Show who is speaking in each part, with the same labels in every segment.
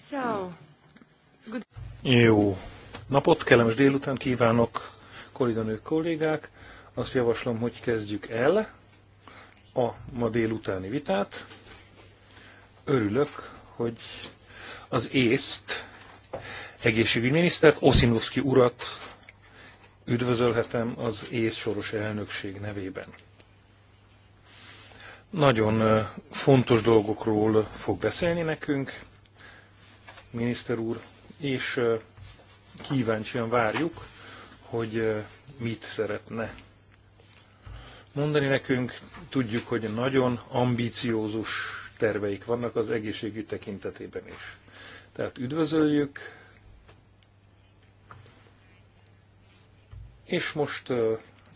Speaker 1: So, good.
Speaker 2: Jó. Napot, kellemes délután kívánok, kolléganők, kollégák. Azt javaslom, hogy kezdjük el a ma délutáni vitát. Örülök, hogy az észt egészségügyminisztert, Oszinovszki urat üdvözölhetem az ész soros elnökség nevében nagyon fontos dolgokról fog beszélni nekünk, miniszter úr, és kíváncsian várjuk, hogy mit szeretne mondani nekünk. Tudjuk, hogy nagyon ambíciózus terveik vannak az egészségügy tekintetében is. Tehát üdvözöljük, és most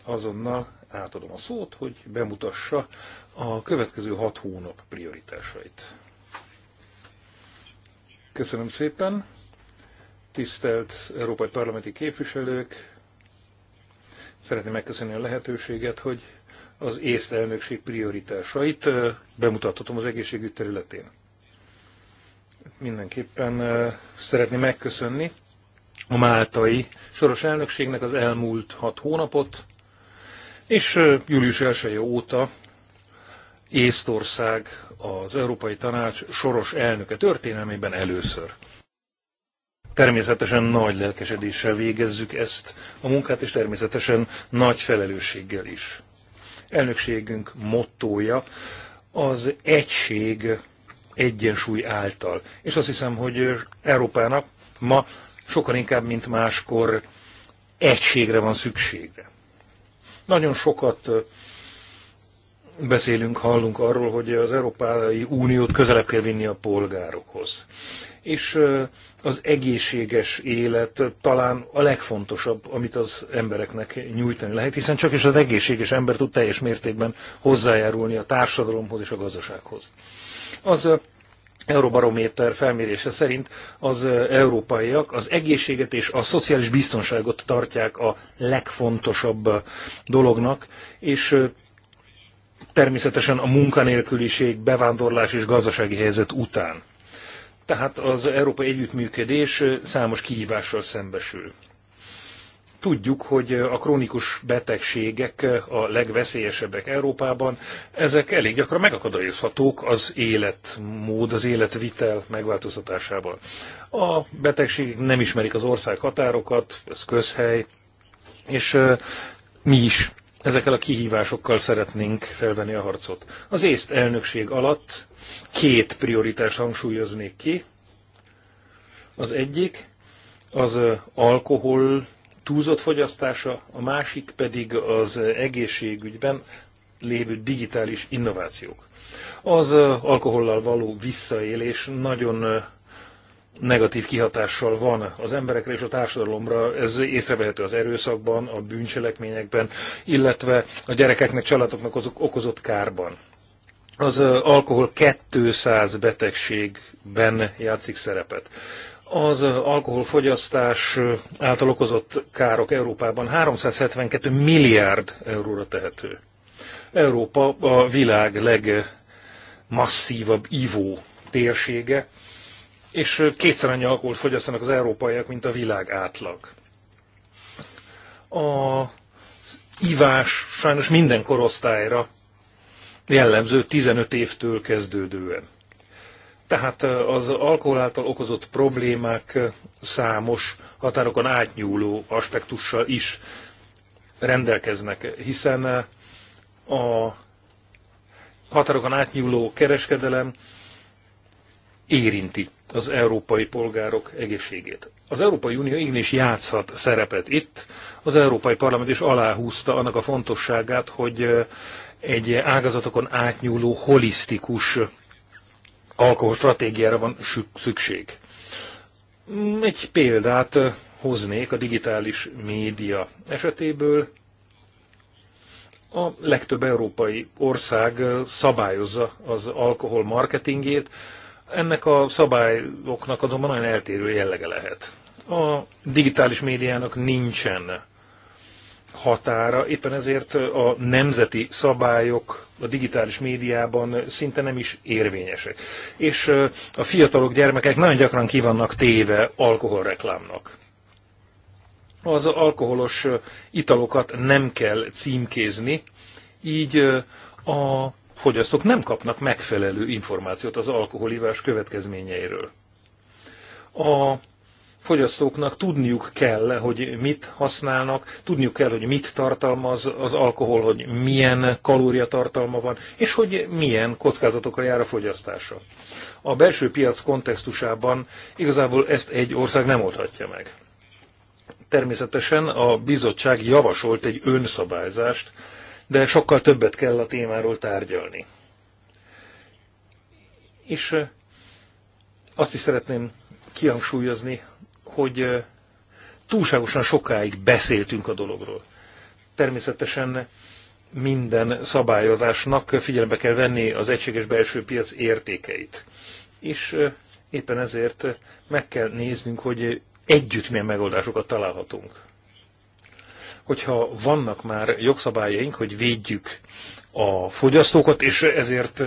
Speaker 2: azonnal átadom a szót, hogy bemutassa a következő hat hónap prioritásait. Köszönöm szépen. Tisztelt Európai Parlamenti képviselők, szeretném megköszönni a lehetőséget, hogy az észt elnökség prioritásait bemutathatom az egészségügy területén. Mindenképpen szeretném megköszönni a máltai soros elnökségnek az elmúlt hat hónapot, és július 1 óta Észtország az Európai Tanács soros elnöke történelmében először. Természetesen nagy lelkesedéssel végezzük ezt a munkát, és természetesen nagy felelősséggel is. Elnökségünk mottója az egység egyensúly által. És azt hiszem, hogy Európának ma sokkal inkább, mint máskor egységre van szüksége. Nagyon sokat beszélünk, hallunk arról, hogy az Európai Uniót közelebb kell vinni a polgárokhoz. És az egészséges élet talán a legfontosabb, amit az embereknek nyújtani lehet, hiszen csak is az egészséges ember tud teljes mértékben hozzájárulni a társadalomhoz és a gazdasághoz. Az Euróbarométer felmérése szerint az európaiak az egészséget és a szociális biztonságot tartják a legfontosabb dolognak, és természetesen a munkanélküliség, bevándorlás és gazdasági helyzet után. Tehát az európai együttműködés számos kihívással szembesül. Tudjuk, hogy a krónikus betegségek a legveszélyesebbek Európában, ezek elég gyakran megakadályozhatók az életmód, az életvitel megváltoztatásával. A betegségek nem ismerik az ország határokat, ez közhely, és mi is ezekkel a kihívásokkal szeretnénk felvenni a harcot. Az észt elnökség alatt két prioritás hangsúlyoznék ki. Az egyik az alkohol túlzott fogyasztása, a másik pedig az egészségügyben lévő digitális innovációk. Az alkohollal való visszaélés nagyon negatív kihatással van az emberekre és a társadalomra, ez észrevehető az erőszakban, a bűncselekményekben, illetve a gyerekeknek, családoknak azok okozott kárban. Az alkohol 200 betegségben játszik szerepet. Az alkoholfogyasztás által okozott károk Európában 372 milliárd euróra tehető. Európa a világ legmasszívabb ivó térsége, és kétszer annyi alkoholt fogyasztanak az európaiak, mint a világ átlag. A ivás sajnos minden korosztályra jellemző 15 évtől kezdődően. Tehát az alkohol által okozott problémák számos határokon átnyúló aspektussal is rendelkeznek, hiszen a határokon átnyúló kereskedelem érinti az európai polgárok egészségét. Az Európai Unió igenis játszhat szerepet itt. Az Európai Parlament is aláhúzta annak a fontosságát, hogy eh, egy ágazatokon átnyúló holisztikus alkoholstratégiára van szükség. Mm, egy példát eh, hoznék a digitális média esetéből. A legtöbb európai ország eh, szabályozza az alkohol marketingét, ennek a szabályoknak azonban nagyon eltérő jellege lehet. A digitális médiának nincsen határa, éppen ezért a nemzeti szabályok a digitális médiában szinte nem is érvényesek. És a fiatalok, gyermekek nagyon gyakran kivannak téve alkoholreklámnak. Az alkoholos italokat nem kell címkézni, így a fogyasztók nem kapnak megfelelő információt az alkoholivás következményeiről. A fogyasztóknak tudniuk kell, hogy mit használnak, tudniuk kell, hogy mit tartalmaz az alkohol, hogy milyen kalóriatartalma van, és hogy milyen kockázatokkal jár a fogyasztása. A belső piac kontextusában igazából ezt egy ország nem oldhatja meg. Természetesen a bizottság javasolt egy önszabályzást, de sokkal többet kell a témáról tárgyalni. És azt is szeretném kihangsúlyozni, hogy túlságosan sokáig beszéltünk a dologról. Természetesen minden szabályozásnak figyelembe kell venni az egységes belső piac értékeit. És éppen ezért meg kell néznünk, hogy együtt milyen megoldásokat találhatunk hogyha vannak már jogszabályaink, hogy védjük a fogyasztókat, és ezért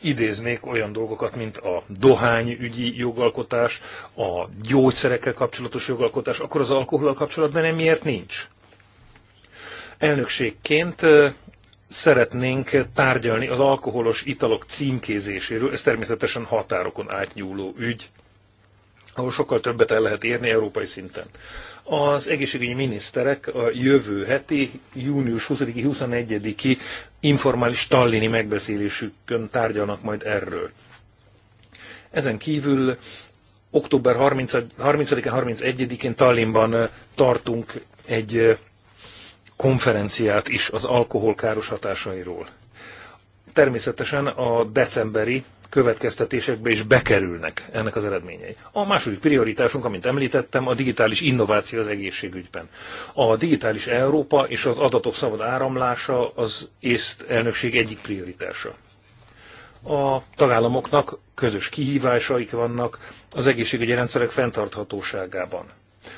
Speaker 2: idéznék olyan dolgokat, mint a dohányügyi jogalkotás, a gyógyszerekkel kapcsolatos jogalkotás, akkor az alkohollal kapcsolatban nem miért nincs. Elnökségként szeretnénk tárgyalni az alkoholos italok címkézéséről, ez természetesen határokon átnyúló ügy, ahol sokkal többet el lehet érni európai szinten az egészségügyi miniszterek a jövő heti, június 20-21-i informális tallini megbeszélésükön tárgyalnak majd erről. Ezen kívül október 30 31-én Tallinnban tartunk egy konferenciát is az alkohol káros hatásairól. Természetesen a decemberi következtetésekbe is bekerülnek ennek az eredményei. A második prioritásunk, amint említettem, a digitális innováció az egészségügyben. A digitális Európa és az adatok szabad áramlása az észt elnökség egyik prioritása. A tagállamoknak közös kihívásaik vannak az egészségügyi rendszerek fenntarthatóságában.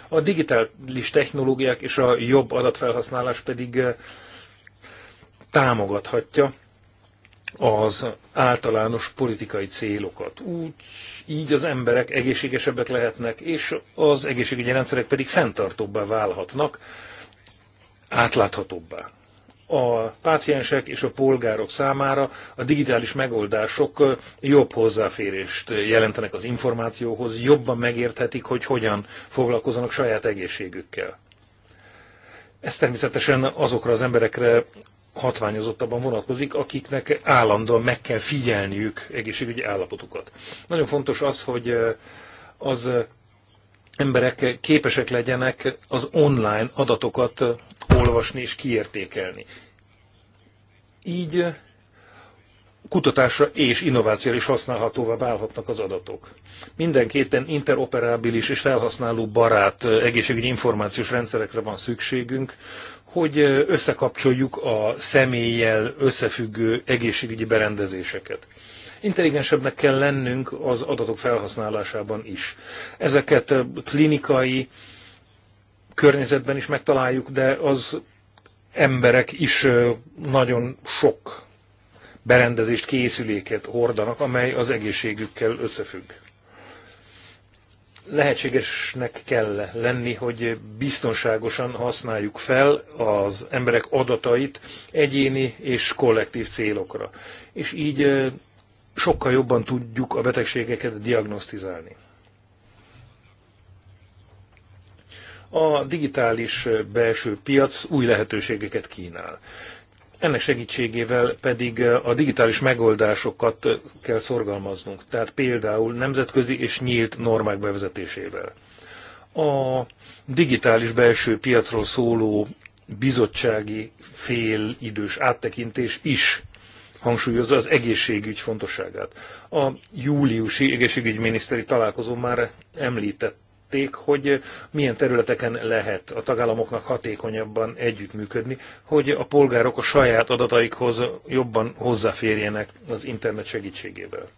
Speaker 2: A digitális technológiák és a jobb adatfelhasználás pedig eh, támogathatja az általános politikai célokat. Úgy így az emberek egészségesebbek lehetnek, és az egészségügyi rendszerek pedig fenntartóbbá válhatnak, átláthatóbbá. A páciensek és a polgárok számára a digitális megoldások jobb hozzáférést jelentenek az információhoz, jobban megérthetik, hogy hogyan foglalkozanak saját egészségükkel. Ez természetesen azokra az emberekre hatványozottabban vonatkozik, akiknek állandóan meg kell figyelniük egészségügyi állapotukat. Nagyon fontos az, hogy az emberek képesek legyenek az online adatokat olvasni és kiértékelni. Így kutatásra és innovációra is használhatóvá válhatnak az adatok. Mindenképpen interoperábilis és felhasználó barát eh, egészségügyi információs rendszerekre van szükségünk, hogy eh, összekapcsoljuk a személlyel összefüggő egészségügyi berendezéseket. Intelligensebbnek kell lennünk az adatok felhasználásában is. Ezeket eh, klinikai környezetben is megtaláljuk, de az emberek is nagyon sok berendezést, készüléket hordanak, amely az egészségükkel összefügg. Lehetségesnek kell lenni, hogy biztonságosan használjuk fel az emberek adatait egyéni és kollektív célokra. És így sokkal jobban tudjuk a betegségeket diagnosztizálni. A digitális belső piac új lehetőségeket kínál ennek segítségével pedig a digitális megoldásokat kell szorgalmaznunk, tehát például nemzetközi és nyílt normák bevezetésével. A digitális belső piacról szóló bizottsági félidős áttekintés is hangsúlyozza az egészségügy fontosságát. A júliusi egészségügyminiszteri találkozón már említett megnézték, hogy milyen területeken lehet a tagállamoknak hatékonyabban együttműködni, hogy a polgárok a saját adataikhoz jobban hozzáférjenek az internet segítségével.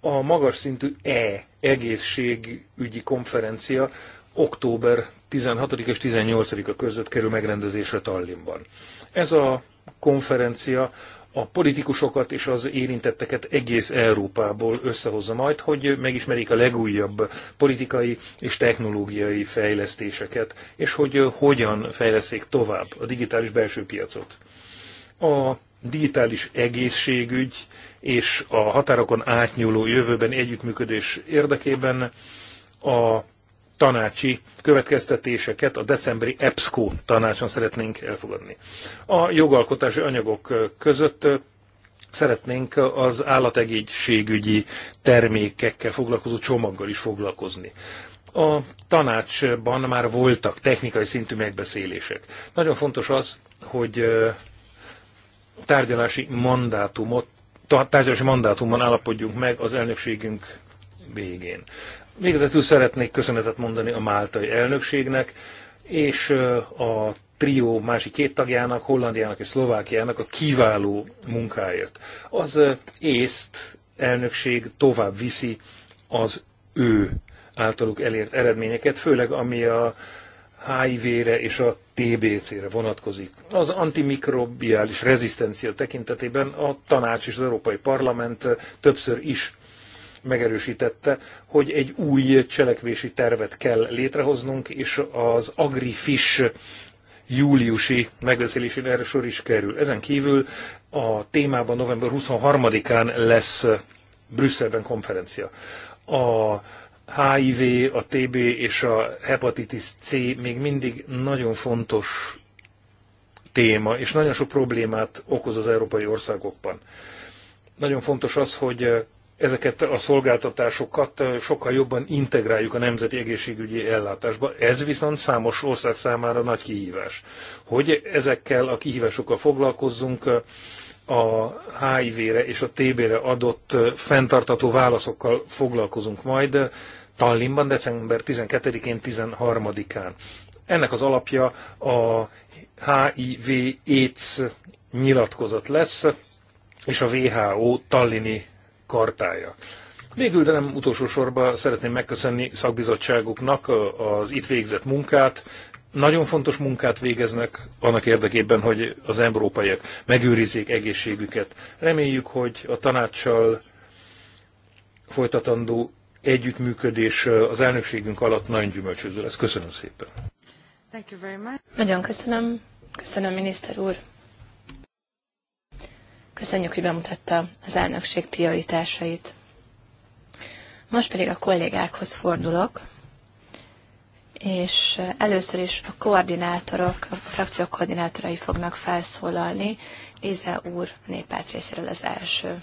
Speaker 2: A magas szintű E egészségügyi konferencia október 16 és 18-a között kerül megrendezésre Tallinnban. Ez a konferencia a politikusokat és az érintetteket egész Európából összehozza majd, hogy megismerik a legújabb politikai és technológiai fejlesztéseket, és hogy hogyan fejleszik tovább a digitális belső piacot. A digitális egészségügy és a határokon átnyúló jövőben együttműködés érdekében a tanácsi következtetéseket a decemberi EPSCO tanácson szeretnénk elfogadni. A jogalkotási anyagok között szeretnénk az állategészségügyi termékekkel foglalkozó csomaggal is foglalkozni. A tanácsban már voltak technikai szintű megbeszélések. Nagyon fontos az, hogy tárgyalási mandátumot, tárgyalási mandátumban állapodjunk meg az elnökségünk végén. Végezetül szeretnék köszönetet mondani a máltai elnökségnek, és a trió másik két tagjának, Hollandiának és Szlovákiának a kiváló munkáért. Az észt elnökség tovább viszi az ő általuk elért eredményeket, főleg ami a HIV-re és a TBC-re vonatkozik. Az antimikrobiális rezisztencia tekintetében a tanács és az Európai Parlament többször is megerősítette, hogy egy új cselekvési tervet kell létrehoznunk, és az AgriFish júliusi megbeszélésén erre sor is kerül. Ezen kívül a témában november 23-án lesz Brüsszelben konferencia. A HIV, a TB és a hepatitis C még mindig nagyon fontos téma, és nagyon sok problémát okoz az európai országokban. Nagyon fontos az, hogy ezeket a szolgáltatásokat sokkal jobban integráljuk a nemzeti egészségügyi ellátásba. Ez viszont számos ország számára nagy kihívás. Hogy ezekkel a kihívásokkal foglalkozzunk, a HIV-re és a TB-re adott fenntartató válaszokkal foglalkozunk majd Tallinnban december 12-én, 13-án. Ennek az alapja a HIV AIDS nyilatkozat lesz, és a WHO Tallini kartája. Végül, de nem utolsó sorban szeretném megköszönni szakbizottságuknak az itt végzett munkát. Nagyon fontos munkát végeznek annak érdekében, hogy az európaiak megőrizzék egészségüket. Reméljük, hogy a tanácssal folytatandó együttműködés az elnökségünk alatt nagyon gyümölcsöző lesz. Köszönöm szépen.
Speaker 1: Nagyon köszönöm. Köszönöm, miniszter úr. Köszönjük, hogy bemutatta az elnökség prioritásait. Most pedig a kollégákhoz fordulok, és először is a koordinátorok, a frakciók koordinátorai fognak felszólalni. Lize úr, a néppárt részéről az első.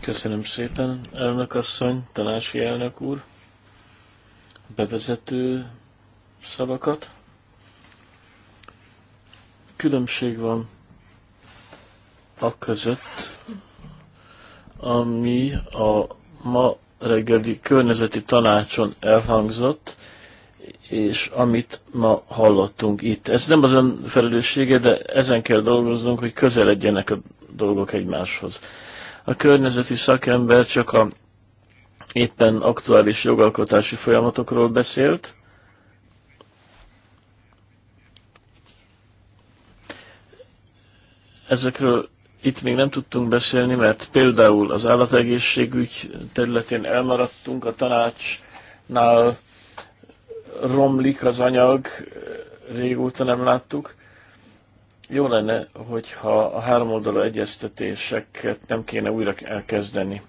Speaker 3: Köszönöm szépen, elnök asszony, tanácsi elnök úr, bevezető szavakat. Különbség van a között, ami a ma reggeli környezeti tanácson elhangzott, és amit ma hallottunk itt. Ez nem az ön felelőssége, de ezen kell dolgoznunk, hogy közeledjenek a dolgok egymáshoz. A környezeti szakember csak a éppen aktuális jogalkotási folyamatokról beszélt, ezekről itt még nem tudtunk beszélni, mert például az állategészségügy területén elmaradtunk, a tanácsnál romlik az anyag, régóta nem láttuk. Jó lenne, hogyha a oldalú egyeztetéseket nem kéne újra elkezdeni.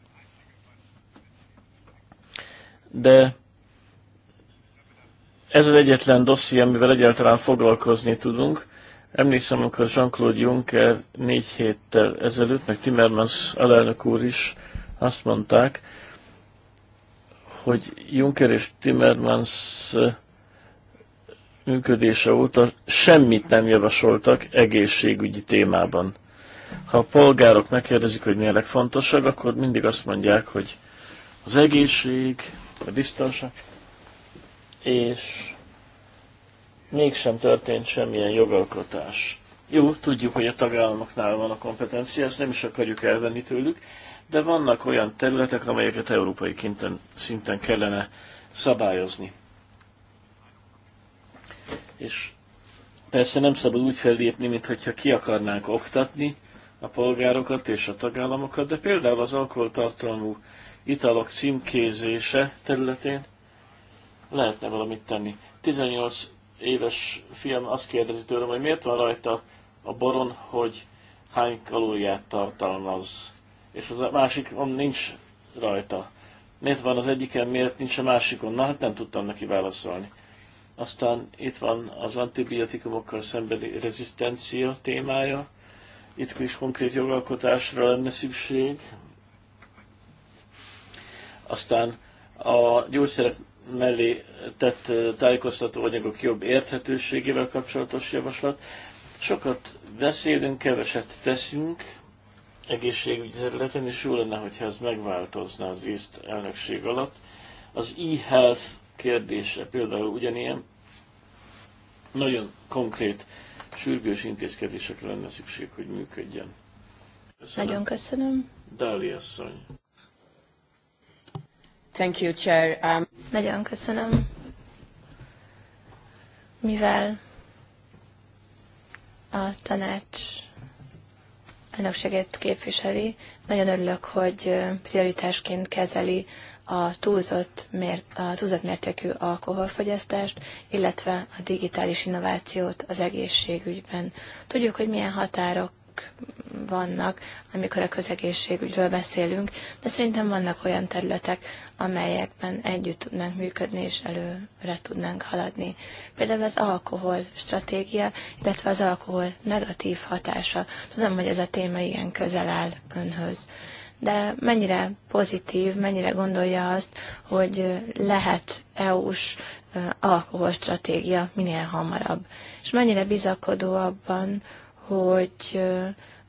Speaker 3: De ez az egyetlen dosszi, amivel egyáltalán foglalkozni tudunk, Emlékszem, amikor Jean-Claude Juncker négy héttel ezelőtt, meg Timmermans alelnök úr is azt mondták, hogy Juncker és Timmermans működése óta semmit nem javasoltak egészségügyi témában. Ha a polgárok megkérdezik, hogy mi a legfontosabb, akkor mindig azt mondják, hogy az egészség, a biztonság, és mégsem történt semmilyen jogalkotás. Jó, tudjuk, hogy a tagállamoknál van a kompetencia, ezt nem is akarjuk elvenni tőlük, de vannak olyan területek, amelyeket európai kinten, szinten kellene szabályozni. És persze nem szabad úgy fellépni, mintha ki akarnánk oktatni a polgárokat és a tagállamokat, de például az alkoholtartalmú italok címkézése területén lehetne valamit tenni. 18 éves fiam azt kérdezi tőlem, hogy miért van rajta a boron, hogy hány kalóriát tartalmaz, és az a másikon nincs rajta. Miért van az egyiken, miért nincs a másikon? Na, hát nem tudtam neki válaszolni. Aztán itt van az antibiotikumokkal szembeni rezisztencia témája. Itt is konkrét jogalkotásra lenne szükség. Aztán a gyógyszerek mellé tett tájékoztató anyagok jobb érthetőségével kapcsolatos javaslat. Sokat beszélünk, keveset teszünk egészségügyi területen, és jó lenne, hogyha ez megváltozna az észt elnökség alatt. Az e-health kérdése például ugyanilyen nagyon konkrét, sürgős intézkedésekre lenne szükség, hogy működjen.
Speaker 1: Köszönöm. Nagyon köszönöm. Dáli asszony. Thank you, Chair. Um... Nagyon köszönöm. Mivel a tanács elnökségét képviseli, nagyon örülök, hogy prioritásként kezeli a túlzott, a túlzott mértékű alkoholfogyasztást, illetve a digitális innovációt az egészségügyben. Tudjuk, hogy milyen határok vannak, amikor a közegészségügyről beszélünk, de szerintem vannak olyan területek, amelyekben együtt tudnánk működni és előre tudnánk haladni. Például az alkohol stratégia, illetve az alkohol negatív hatása. Tudom, hogy ez a téma igen közel áll önhöz de mennyire pozitív, mennyire gondolja azt, hogy lehet EU-s alkoholstratégia minél hamarabb. És mennyire bizakodó abban, hogy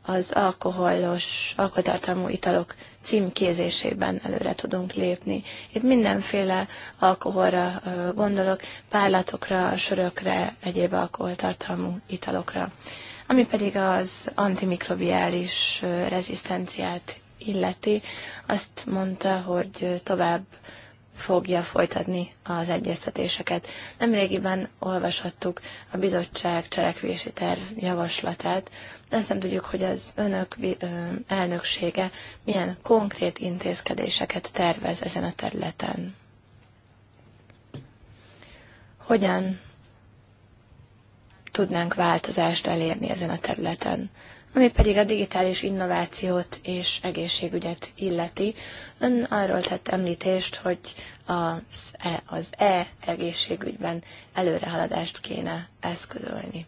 Speaker 1: az alkoholos, alkotartalmú italok címkézésében előre tudunk lépni. Itt mindenféle alkoholra gondolok, párlatokra, sörökre, egyéb alkoholtartalmú italokra. Ami pedig az antimikrobiális rezisztenciát illeti, azt mondta, hogy tovább fogja folytatni az egyeztetéseket. Nemrégiben olvashattuk a bizottság cselekvési terv javaslatát, de azt nem tudjuk, hogy az önök elnöksége milyen konkrét intézkedéseket tervez ezen a területen. Hogyan tudnánk változást elérni ezen a területen? ami pedig a digitális innovációt és egészségügyet illeti. Ön arról tett említést, hogy az e-egészségügyben e, e előrehaladást kéne eszközölni.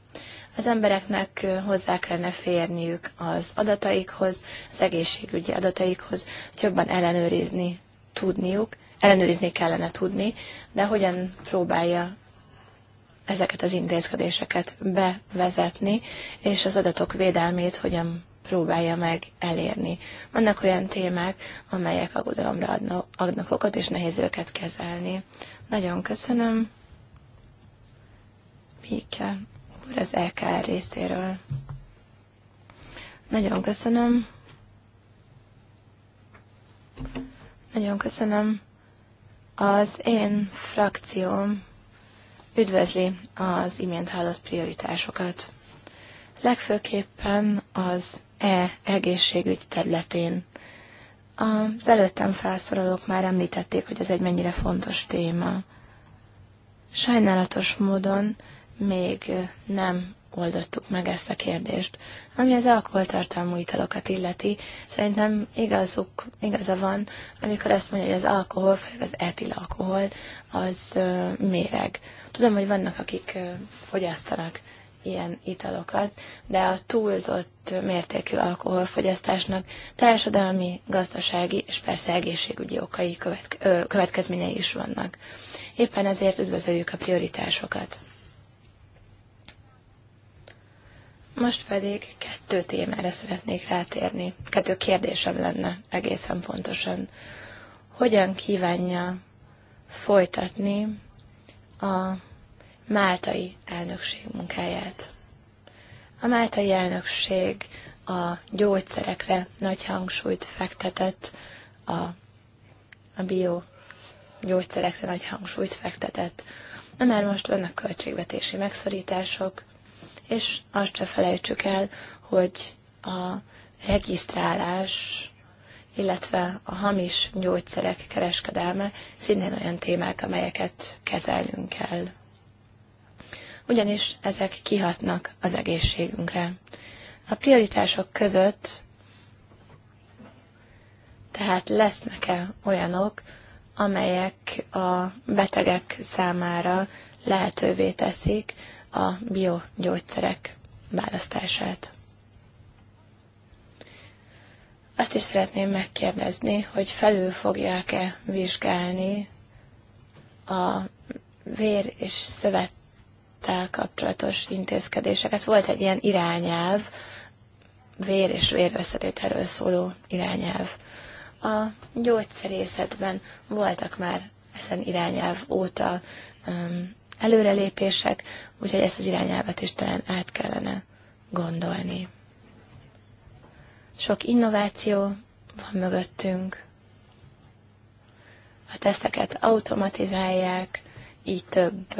Speaker 1: Az embereknek hozzá kellene férniük az adataikhoz, az egészségügyi adataikhoz, ezt jobban ellenőrizni tudniuk, ellenőrizni kellene tudni, de hogyan próbálja ezeket az intézkedéseket bevezetni, és az adatok védelmét hogyan próbálja meg elérni. Vannak olyan témák, amelyek aggodalomra adnak okot, és nehéz őket kezelni. Nagyon köszönöm. Mike úr az LKR részéről. Nagyon köszönöm. Nagyon köszönöm. Az én frakcióm üdvözli az imént hallott prioritásokat. Legfőképpen az e-egészségügy területén. Az előttem felszorolók már említették, hogy ez egy mennyire fontos téma. Sajnálatos módon még nem oldottuk meg ezt a kérdést. Ami az alkoholtartalmú italokat illeti, szerintem igazuk, igaza van, amikor azt mondja, hogy az alkohol, főleg az alkohol, az uh, méreg. Tudom, hogy vannak, akik uh, fogyasztanak ilyen italokat, de a túlzott mértékű alkoholfogyasztásnak társadalmi, gazdasági és persze egészségügyi okai követke, ö, következményei is vannak. Éppen ezért üdvözöljük a prioritásokat. Most pedig kettő témára szeretnék rátérni. Kettő kérdésem lenne egészen pontosan. Hogyan kívánja folytatni a máltai elnökség munkáját? A máltai elnökség a gyógyszerekre nagy hangsúlyt fektetett, a, a bio gyógyszerekre nagy hangsúlyt fektetett. Na már most vannak költségvetési megszorítások, és azt se felejtsük el, hogy a regisztrálás, illetve a hamis gyógyszerek kereskedelme szintén olyan témák, amelyeket kezelnünk kell. Ugyanis ezek kihatnak az egészségünkre. A prioritások között tehát lesznek-e olyanok, amelyek a betegek számára lehetővé teszik, a biogyógyszerek választását. Azt is szeretném megkérdezni, hogy felül fogják-e vizsgálni a vér és szövettel kapcsolatos intézkedéseket. Volt egy ilyen irányelv, vér és vérveszetételről szóló irányelv. A gyógyszerészetben voltak már ezen irányelv óta um, előrelépések, úgyhogy ezt az irányelvet is talán át kellene gondolni. Sok innováció van mögöttünk, a teszteket automatizálják, így több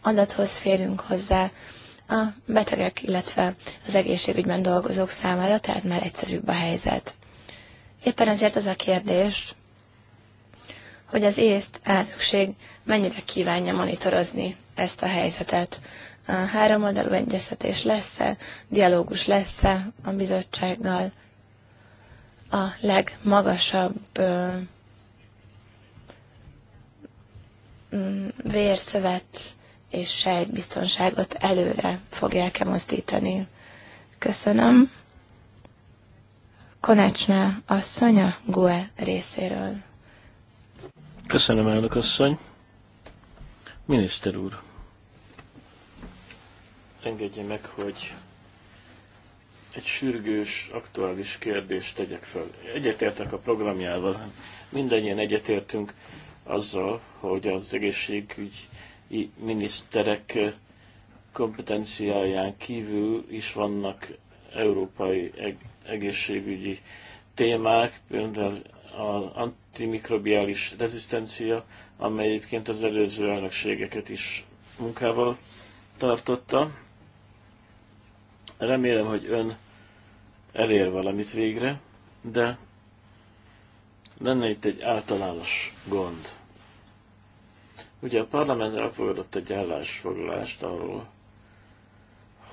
Speaker 1: adathoz férünk hozzá a betegek, illetve az egészségügyben dolgozók számára, tehát már egyszerűbb a helyzet. Éppen ezért az a kérdés, hogy az észt elnökség mennyire kívánja monitorozni ezt a helyzetet. A háromoldalú egyeztetés lesz-e, dialógus lesz-e a bizottsággal, a legmagasabb ö, mm, vérszövet és sejtbiztonságot előre fogják-e Köszönöm. Konecsná asszonya GUE részéről.
Speaker 3: Köszönöm, elnök asszony. Miniszter úr, engedje meg, hogy egy sürgős, aktuális kérdést tegyek fel. Egyetértek a programjával, mindannyian egyetértünk azzal, hogy az egészségügyi miniszterek kompetenciáján kívül is vannak európai egészségügyi témák, például az antimikrobiális rezisztencia, amely egyébként az előző elnökségeket is munkával tartotta. Remélem, hogy ön elér valamit végre, de lenne itt egy általános gond. Ugye a parlament elfogadott egy állásfoglalást arról,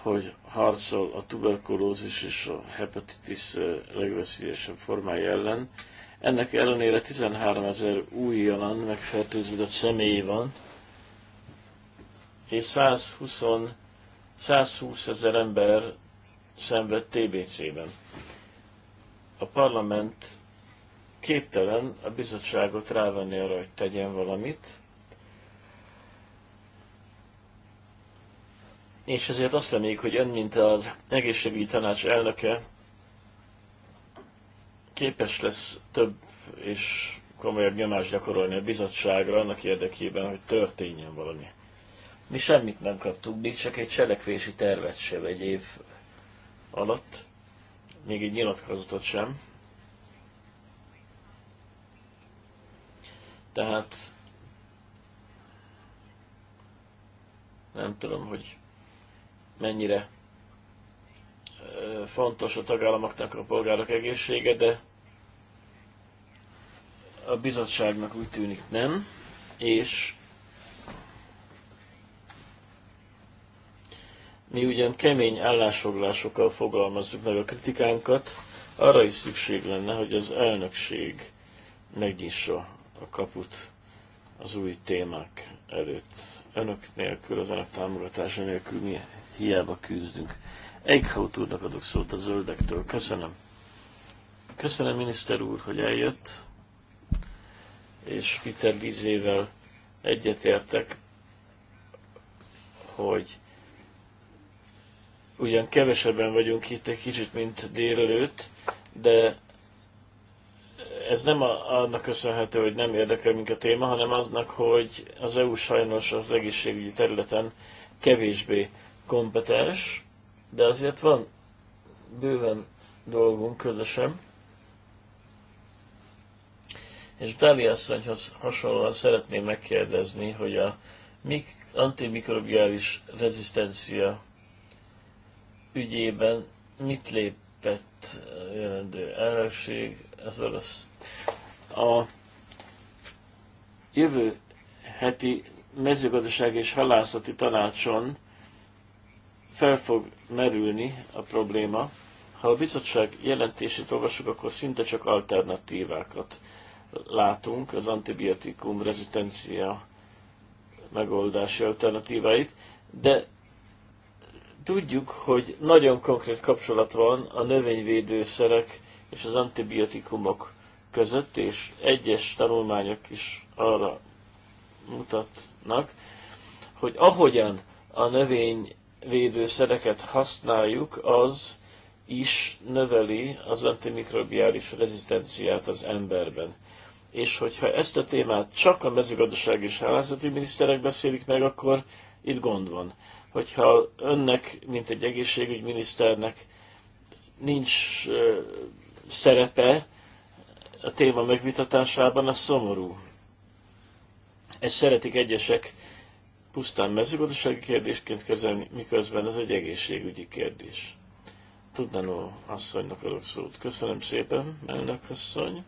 Speaker 3: hogy harcol a tuberkulózis és a hepatitis eh, legveszélyesebb formája ellen, ennek ellenére 13 ezer újonnan megfertőződött személy van, és 120, 120 ezer ember szenved TBC-ben. A parlament képtelen a bizottságot rávenni arra, hogy tegyen valamit, és ezért azt reméljük, hogy ön, mint az egészségügyi tanács elnöke, képes lesz több és komolyabb nyomást gyakorolni a bizottságra annak érdekében, hogy történjen valami. Mi semmit nem kaptuk, mi csak egy cselekvési tervet sem egy év alatt, még egy nyilatkozatot sem. Tehát nem tudom, hogy mennyire fontos a tagállamoknak a polgárok egészsége, de a bizottságnak úgy tűnik nem, és mi ugyan kemény állásfoglásokkal fogalmazzuk meg a kritikánkat, arra is szükség lenne, hogy az elnökség megnyissa a kaput az új témák előtt. Önök nélkül, az önök támogatása nélkül mi hiába küzdünk. Eichhaut úrnak adok szót a zöldektől. Köszönöm. Köszönöm, miniszter úr, hogy eljött és Peter Lizével egyetértek, hogy ugyan kevesebben vagyunk itt egy kicsit, mint délelőtt, de ez nem annak köszönhető, hogy nem érdekel minket a téma, hanem aznak, hogy az EU sajnos az egészségügyi területen kevésbé kompetens, de azért van bőven dolgunk közösen és Dali asszonyhoz hasonlóan szeretném megkérdezni, hogy a mik antimikrobiális rezisztencia ügyében mit lépett a uh, jelentő elnökség, az orosz. A jövő heti mezőgazdaság és halászati tanácson fel fog merülni a probléma. Ha a bizottság jelentését olvasok, akkor szinte csak alternatívákat látunk, az antibiotikum rezisztencia megoldási alternatíváit, de tudjuk, hogy nagyon konkrét kapcsolat van a növényvédőszerek és az antibiotikumok között, és egyes tanulmányok is arra mutatnak, hogy ahogyan a növényvédőszereket használjuk, az is növeli az antimikrobiális rezisztenciát az emberben és hogyha ezt a témát csak a mezőgazdaság és halászati miniszterek beszélik meg, akkor itt gond van. Hogyha önnek, mint egy egészségügyminiszternek nincs szerepe a téma megvitatásában, az szomorú. Ezt szeretik egyesek pusztán mezőgazdasági kérdésként kezelni, miközben ez egy egészségügyi kérdés. Tudnánó asszonynak adok szót. Köszönöm szépen, elnök asszony.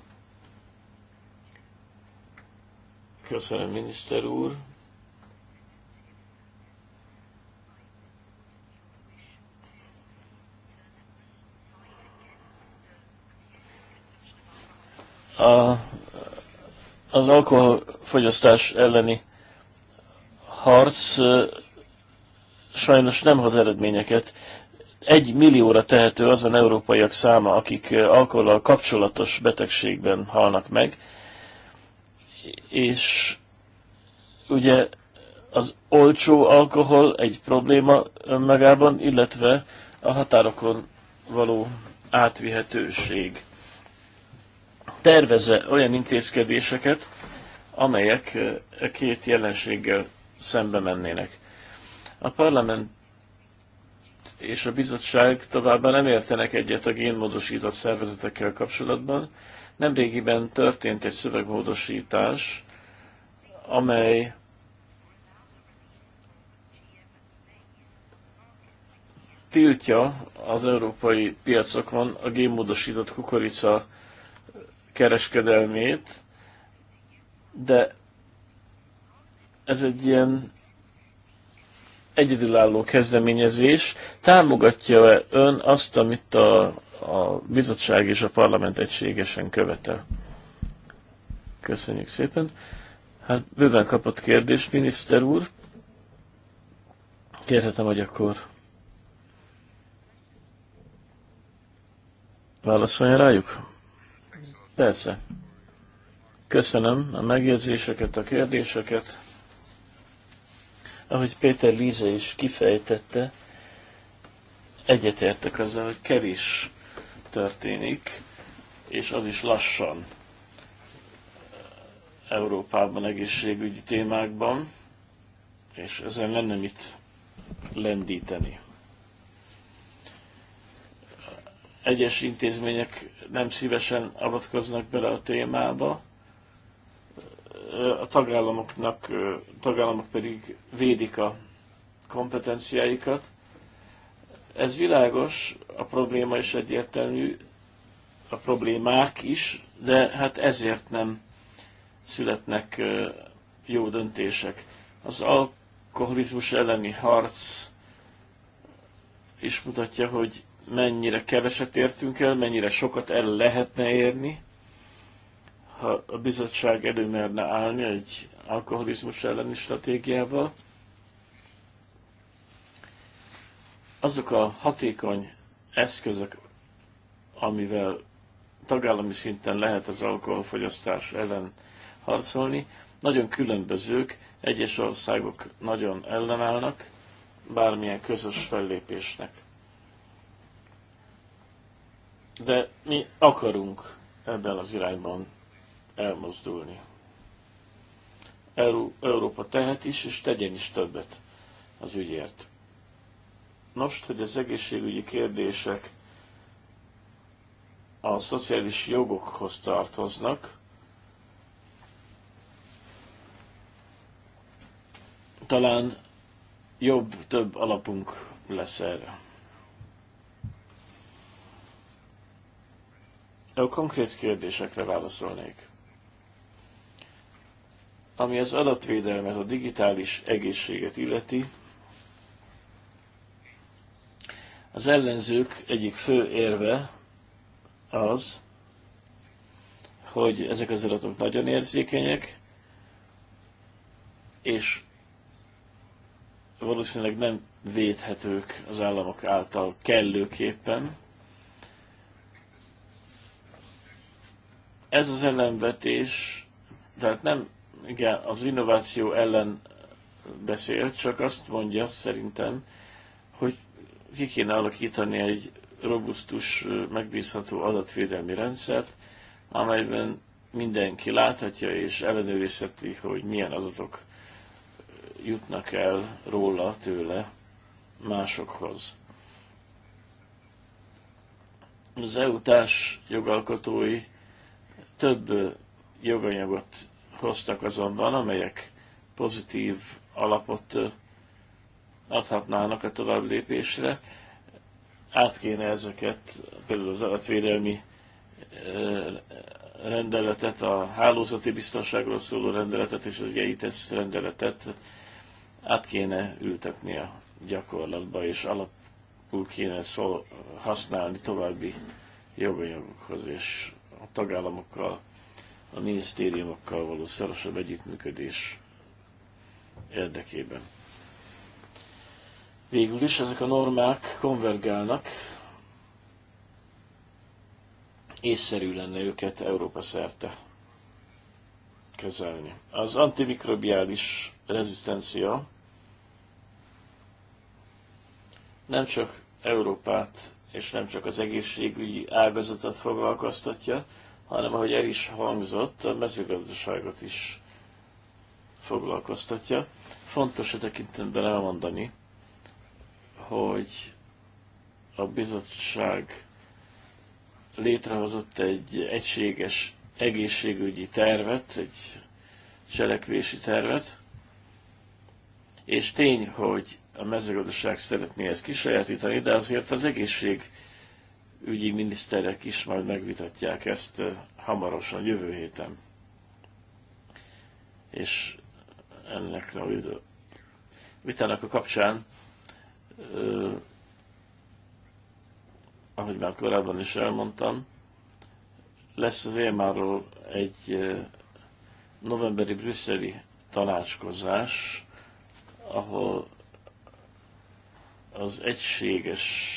Speaker 3: Köszönöm, miniszter úr. A, az alkoholfogyasztás elleni harc sajnos nem hoz eredményeket. Egy millióra tehető azon európaiak száma, akik alkohollal kapcsolatos betegségben halnak meg, és ugye az olcsó alkohol egy probléma önmagában, illetve a határokon való átvihetőség. Terveze olyan intézkedéseket, amelyek két jelenséggel szembe mennének. A parlament és a bizottság továbbá nem értenek egyet a génmódosított szervezetekkel kapcsolatban, Nemrégiben történt egy szövegmódosítás, amely tiltja az európai piacokon a génmódosított kukorica kereskedelmét, de ez egy ilyen egyedülálló kezdeményezés. Támogatja -e ön azt, amit a a bizottság és a parlament egységesen követel. Köszönjük szépen. Hát bőven kapott kérdés, miniszter úr. Kérhetem, hogy akkor válaszolja rájuk? Persze. Köszönöm a megjegyzéseket, a kérdéseket. Ahogy Péter Líze is kifejtette, egyetértek azzal, hogy kevés történik, és az is lassan eh, Európában egészségügyi témákban, és ezen lenne mit lendíteni. Egyes intézmények nem szívesen avatkoznak bele a témába, eh, a tagállamoknak, eh, tagállamok pedig védik a kompetenciáikat, ez világos, a probléma is egyértelmű, a problémák is, de hát ezért nem születnek jó döntések. Az alkoholizmus elleni harc is mutatja, hogy mennyire keveset értünk el, mennyire sokat el lehetne érni, ha a bizottság előmerne állni egy alkoholizmus elleni stratégiával. azok a hatékony eszközök, amivel tagállami szinten lehet az alkoholfogyasztás ellen harcolni, nagyon különbözők, egyes országok nagyon ellenállnak bármilyen közös fellépésnek. De mi akarunk ebben az irányban elmozdulni. Európa tehet is, és tegyen is többet az ügyért most, hogy az egészségügyi kérdések a szociális jogokhoz tartoznak, talán jobb, több alapunk lesz erre. A konkrét kérdésekre válaszolnék. Ami az adatvédelmet, a digitális egészséget illeti, Az ellenzők egyik fő érve az, hogy ezek az adatok nagyon érzékenyek, és valószínűleg nem védhetők az államok által kellőképpen. Ez az ellenvetés, tehát nem igen, az innováció ellen beszél, csak azt mondja szerintem, hogy ki kéne alakítani egy robusztus, megbízható adatvédelmi rendszert, amelyben mindenki láthatja és ellenőrizheti, hogy milyen adatok jutnak el róla, tőle másokhoz. Az EU társ jogalkotói több joganyagot hoztak azonban, amelyek pozitív alapot adhatnának a tovább lépésre. Át kéne ezeket, például az adatvédelmi rendeletet, a hálózati biztonságról szóló rendeletet és az EITES rendeletet át kéne ültetni a gyakorlatba, és alapul kéne szól, használni további joganyagokhoz, és a tagállamokkal, a minisztériumokkal való szorosabb együttműködés érdekében. Végül is ezek a normák konvergálnak, észszerű lenne őket Európa szerte kezelni. Az antimikrobiális rezisztencia nem csak Európát és nem csak az egészségügyi ágazatot foglalkoztatja, hanem ahogy el is hangzott, a mezőgazdaságot is foglalkoztatja. Fontos a tekintetben elmondani, hogy a bizottság létrehozott egy egységes egészségügyi tervet, egy cselekvési tervet, és tény, hogy a mezőgazdaság szeretné ezt kisajátítani, de azért az egészségügyi miniszterek is majd megvitatják ezt eh, hamarosan, jövő héten. És ennek a vitának a kapcsán eh, ahogy már korábban is elmondtam, lesz az émáról egy eh, novemberi brüsszeli tanácskozás, ahol az egységes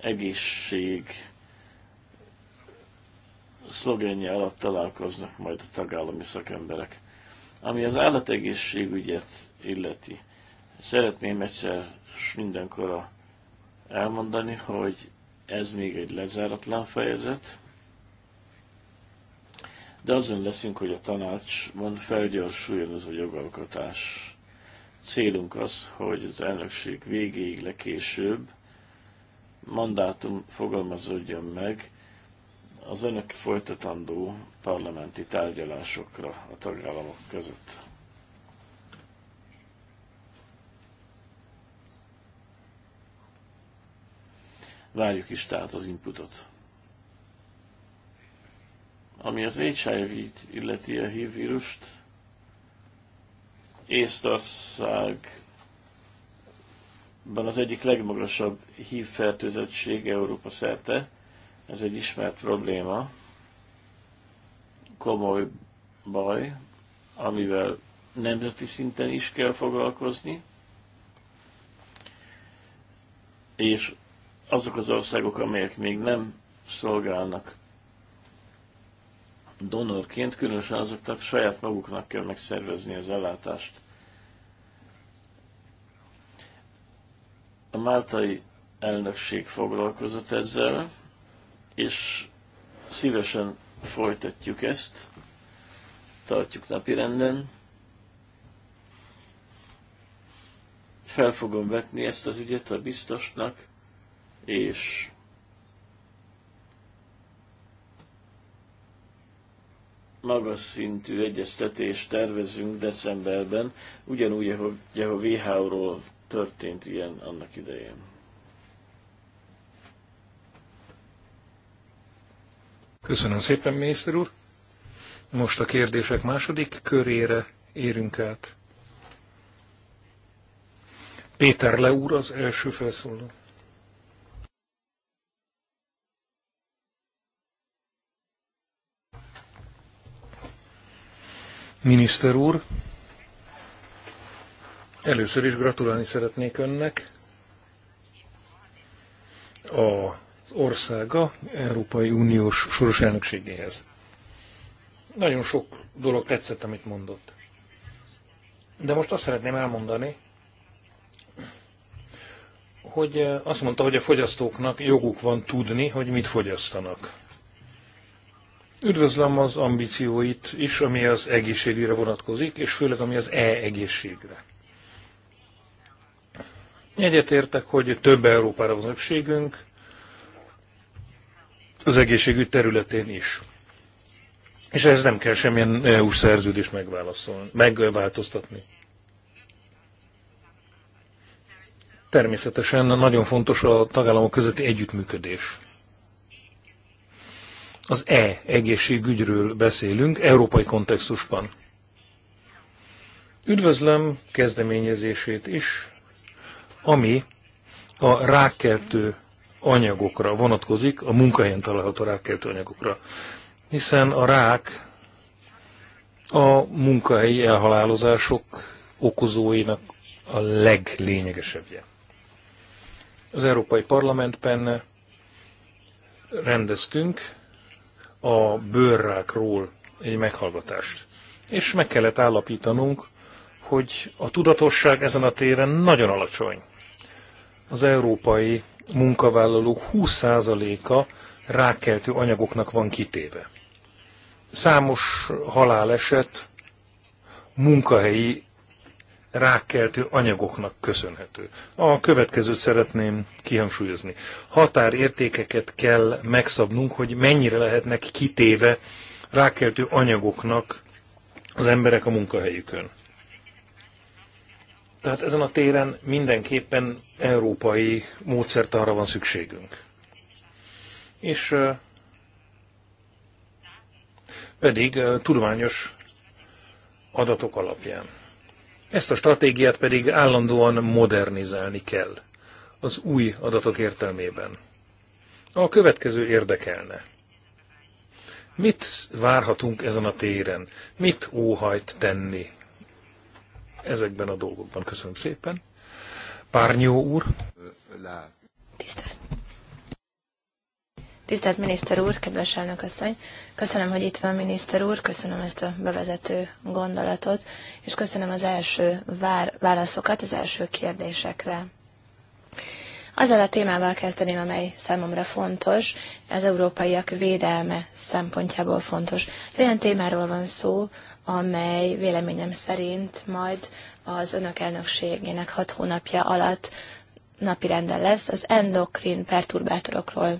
Speaker 3: egészség szlogenje alatt találkoznak majd a tagállami szakemberek. Ami az állategészségügyet illeti, szeretném egyszer fontos mindenkor elmondani, hogy ez még egy lezáratlan fejezet, de azon leszünk, hogy a tanácsban felgyorsuljon ez a jogalkotás. Célunk az, hogy az elnökség végéig legkésőbb mandátum fogalmazódjon meg az önök folytatandó parlamenti tárgyalásokra a tagállamok között. Várjuk is tehát az inputot. Ami az HIV-t illeti a HIV vírust, Észtországban az egyik legmagasabb HIV fertőzettség Európa szerte. Ez egy ismert probléma, komoly baj, amivel nemzeti szinten is kell foglalkozni, és azok az országok, amelyek még nem szolgálnak donorként, különösen azoknak saját maguknak kell megszervezni az ellátást. A máltai elnökség foglalkozott ezzel, és szívesen folytatjuk ezt, tartjuk napirenden. Fel fogom vetni ezt az ügyet a biztosnak, és magas szintű egyeztetést tervezünk decemberben, ugyanúgy, ahogy a WHO-ról történt ilyen annak idején.
Speaker 2: Köszönöm szépen, miniszter úr! Most a kérdések második körére érünk át. Péter Le úr az első felszólaló. Miniszter úr, először is gratulálni szeretnék önnek. Az országa Európai Uniós soros elnökségéhez. Nagyon sok dolog tetszett, amit mondott. De most azt szeretném elmondani, hogy azt mondta, hogy a fogyasztóknak joguk van tudni, hogy mit fogyasztanak. Üdvözlöm az ambícióit is, ami az egészségére vonatkozik, és főleg ami az e-egészségre. Egyetértek, hogy több Európára van szükségünk, az egészségügy területén is. És ez nem kell semmilyen EU-s szerződést megváltoztatni. Természetesen nagyon fontos a tagállamok közötti együttműködés az e-egészségügyről beszélünk európai kontextusban. Üdvözlöm kezdeményezését is, ami a rákkeltő anyagokra vonatkozik, a munkahelyen található rákkeltő anyagokra. Hiszen a rák a munkahelyi elhalálozások okozóinak a leglényegesebbje. Az Európai Parlamentben rendeztünk a bőrrákról egy meghallgatást. És meg kellett állapítanunk, hogy a tudatosság ezen a téren nagyon alacsony. Az európai munkavállalók 20%-a rákkeltő anyagoknak van kitéve. Számos haláleset munkahelyi rákkeltő anyagoknak köszönhető. A következőt szeretném kihangsúlyozni. Határértékeket kell megszabnunk, hogy mennyire lehetnek kitéve rákkeltő anyagoknak az emberek a munkahelyükön. Tehát ezen a téren mindenképpen európai módszertanra van szükségünk. És pedig tudományos adatok alapján. Ezt a stratégiát pedig állandóan modernizálni kell az új adatok értelmében. A következő érdekelne. Mit várhatunk ezen a téren? Mit óhajt tenni ezekben a dolgokban? Köszönöm szépen. Párnyó úr. Tisztelt
Speaker 1: Tisztelt miniszter úr, kedves elnökasszony, köszönöm, hogy itt van miniszter úr, köszönöm ezt a bevezető gondolatot, és köszönöm az első vár, válaszokat az első kérdésekre. Azzal a témával kezdeném, amely számomra fontos, az európaiak védelme szempontjából fontos. Olyan témáról van szó, amely véleményem szerint majd az önök elnökségének hat hónapja alatt napirenden lesz, az endokrin perturbátorokról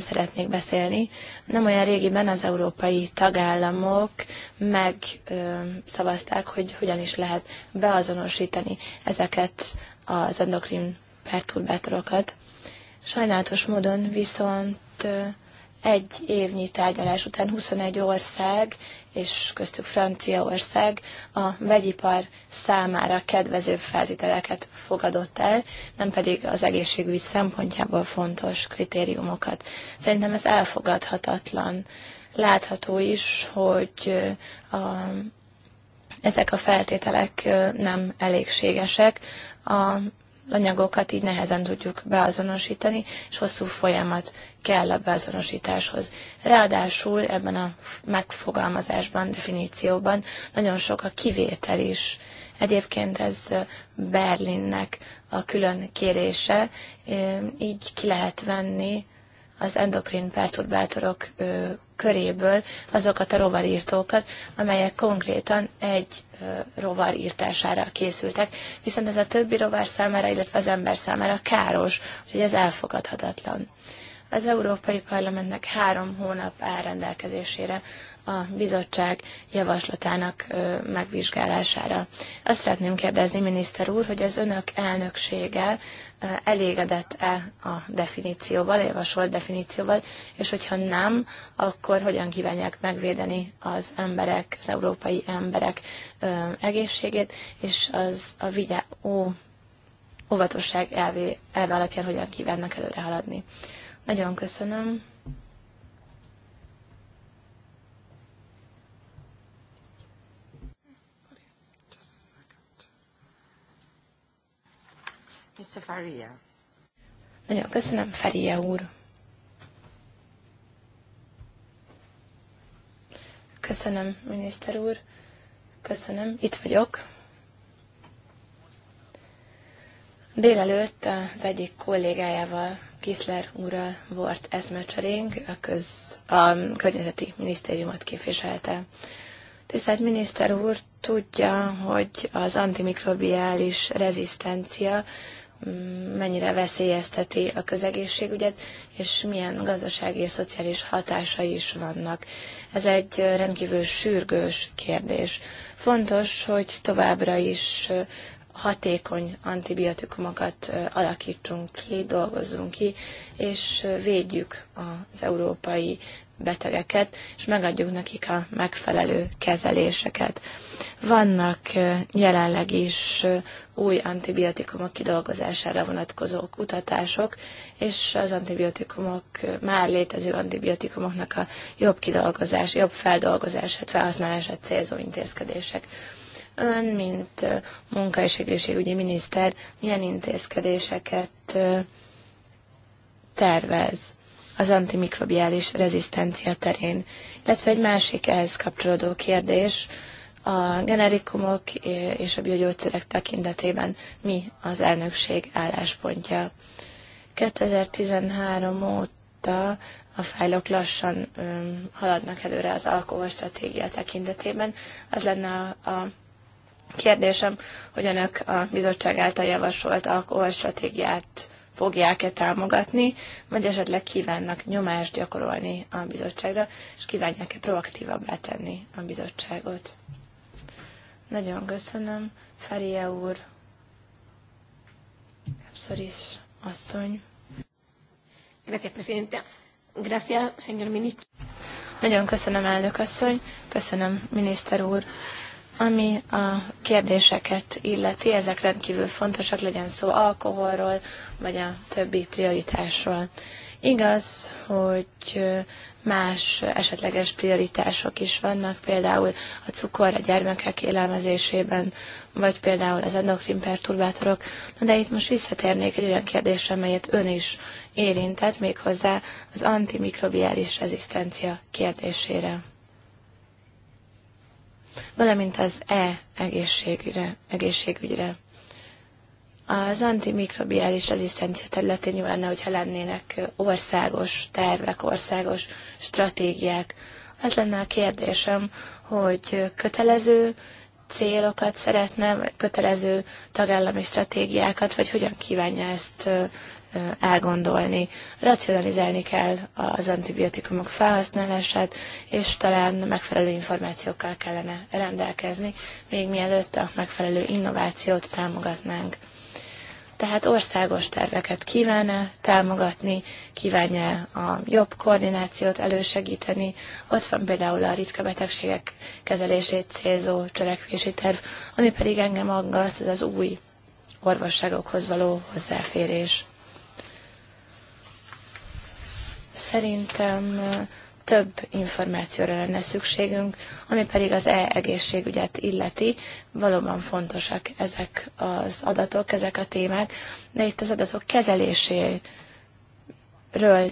Speaker 1: szeretnék beszélni. Nem olyan régiben az európai tagállamok megszavazták, hogy hogyan is lehet beazonosítani ezeket az endokrin perturbátorokat. Sajnálatos módon viszont egy évnyi tárgyalás után 21 ország, és köztük Franciaország a vegyipar számára kedvező feltételeket fogadott el, nem pedig az egészségügy szempontjából fontos kritériumokat. Szerintem ez elfogadhatatlan. Látható is, hogy a ezek a feltételek nem elégségesek. A anyagokat így nehezen tudjuk beazonosítani, és hosszú folyamat kell a beazonosításhoz. Ráadásul ebben a megfogalmazásban, definícióban nagyon sok a kivétel is. Egyébként ez Berlinnek a külön kérése, így ki lehet venni az endokrin perturbátorok köréből azokat a rovarírtókat, amelyek konkrétan egy rovar írtására készültek, viszont ez a többi rovar számára, illetve az ember számára káros, úgyhogy ez elfogadhatatlan. Az Európai Parlamentnek három hónap áll rendelkezésére a bizottság javaslatának megvizsgálására. Azt szeretném kérdezni, miniszter úr, hogy az önök elnöksége elégedett-e a definícióval, a javasolt definícióval, és hogyha nem, akkor hogyan kívánják megvédeni az emberek, az európai emberek egészségét, és az a vigyá, óvatosság elve alapján hogyan kívánnak előre haladni. Nagyon köszönöm. Mr. Faria. Nagyon köszönöm, Faria úr. Köszönöm, miniszter úr. Köszönöm, itt vagyok. Délelőtt az egyik kollégájával, Kiszler úrral volt eszmecserénk, a, köz, a környezeti minisztériumot képviselte. Tisztelt miniszter úr, tudja, hogy az antimikrobiális rezisztencia mennyire veszélyezteti a közegészségügyet, és milyen gazdasági és szociális hatásai is vannak. Ez egy rendkívül sürgős kérdés. Fontos, hogy továbbra is hatékony antibiotikumokat alakítsunk ki, dolgozzunk ki, és védjük az európai betegeket, és megadjuk nekik a megfelelő kezeléseket. Vannak jelenleg is új antibiotikumok kidolgozására vonatkozó kutatások, és az antibiotikumok, már létező antibiotikumoknak a jobb kidolgozás, jobb feldolgozását, felhasználását célzó intézkedések. Ön, mint munka és egészségügyi miniszter, milyen intézkedéseket tervez? az antimikrobiális rezisztencia terén. Illetve egy másik ehhez kapcsolódó kérdés, a generikumok és a biogyógyszerek tekintetében mi az elnökség álláspontja. 2013 óta a fájlok lassan öm, haladnak előre az alkohol stratégia tekintetében. Az lenne a, a kérdésem, hogy önök a bizottság által javasolt alkohol stratégiát fogják-e támogatni, vagy esetleg kívánnak nyomást gyakorolni a bizottságra, és kívánják-e proaktívabbá tenni a bizottságot. Nagyon köszönöm, Feria úr, Abszoris asszony. Gracias, Presidente. Gracias, señor ministro. Nagyon köszönöm, elnök asszony, köszönöm, miniszter úr. Ami a kérdéseket illeti, ezek rendkívül fontosak, legyen szó alkoholról, vagy a többi prioritásról. Igaz, hogy más esetleges prioritások is vannak, például a cukor a gyermekek élelmezésében, vagy például az endokrin perturbátorok. Na de itt most visszatérnék egy olyan kérdésre, amelyet ön is érintett, méghozzá az antimikrobiális rezisztencia kérdésére valamint az e-egészségügyre. Egészségügyre. Az antimikrobiális rezisztencia területén jó lenne, hogyha lennének országos tervek, országos stratégiák. Az lenne a kérdésem, hogy kötelező célokat szeretne, kötelező tagállami stratégiákat, vagy hogyan kívánja ezt elgondolni. Racionalizálni kell az antibiotikumok felhasználását, és talán megfelelő információkkal kellene rendelkezni, még mielőtt a megfelelő innovációt támogatnánk tehát országos terveket kívánna támogatni, kívánja a jobb koordinációt elősegíteni. Ott van például a ritka betegségek kezelését célzó cselekvési terv, ami pedig engem aggaszt, ez az új orvosságokhoz való hozzáférés. Szerintem több információra lenne szükségünk, ami pedig az e-egészségügyet illeti. Valóban fontosak ezek az adatok, ezek a témák, de itt az adatok kezeléséről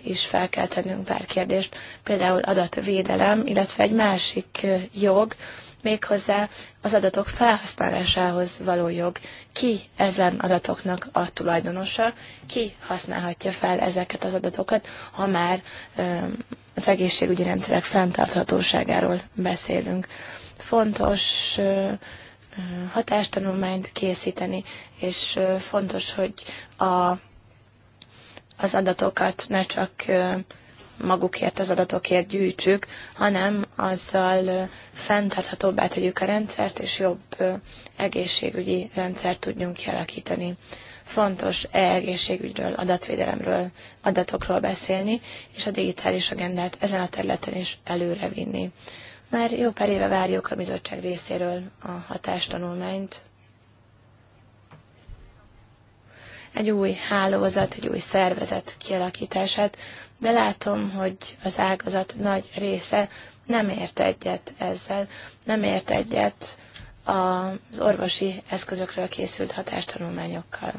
Speaker 1: is fel kell tennünk pár kérdést, például adatvédelem, illetve egy másik jog, méghozzá az adatok felhasználásához való jog. Ki ezen adatoknak a tulajdonosa, ki használhatja fel ezeket az adatokat, ha már az egészségügyi rendszerek fenntarthatóságáról beszélünk. Fontos hatástanulmányt készíteni, és fontos, hogy a, az adatokat ne csak magukért az adatokért gyűjtsük, hanem azzal fenntarthatóbbá tegyük a rendszert, és jobb egészségügyi rendszert tudjunk kialakítani. Fontos e-egészségügyről, adatvédelemről, adatokról beszélni, és a digitális agendát ezen a területen is előrevinni. Már jó pár éve várjuk a bizottság részéről a hatástanulmányt. Egy új hálózat, egy új szervezet kialakítását, de látom, hogy az ágazat nagy része nem ért egyet ezzel, nem ért egyet az orvosi eszközökről készült hatástanulmányokkal.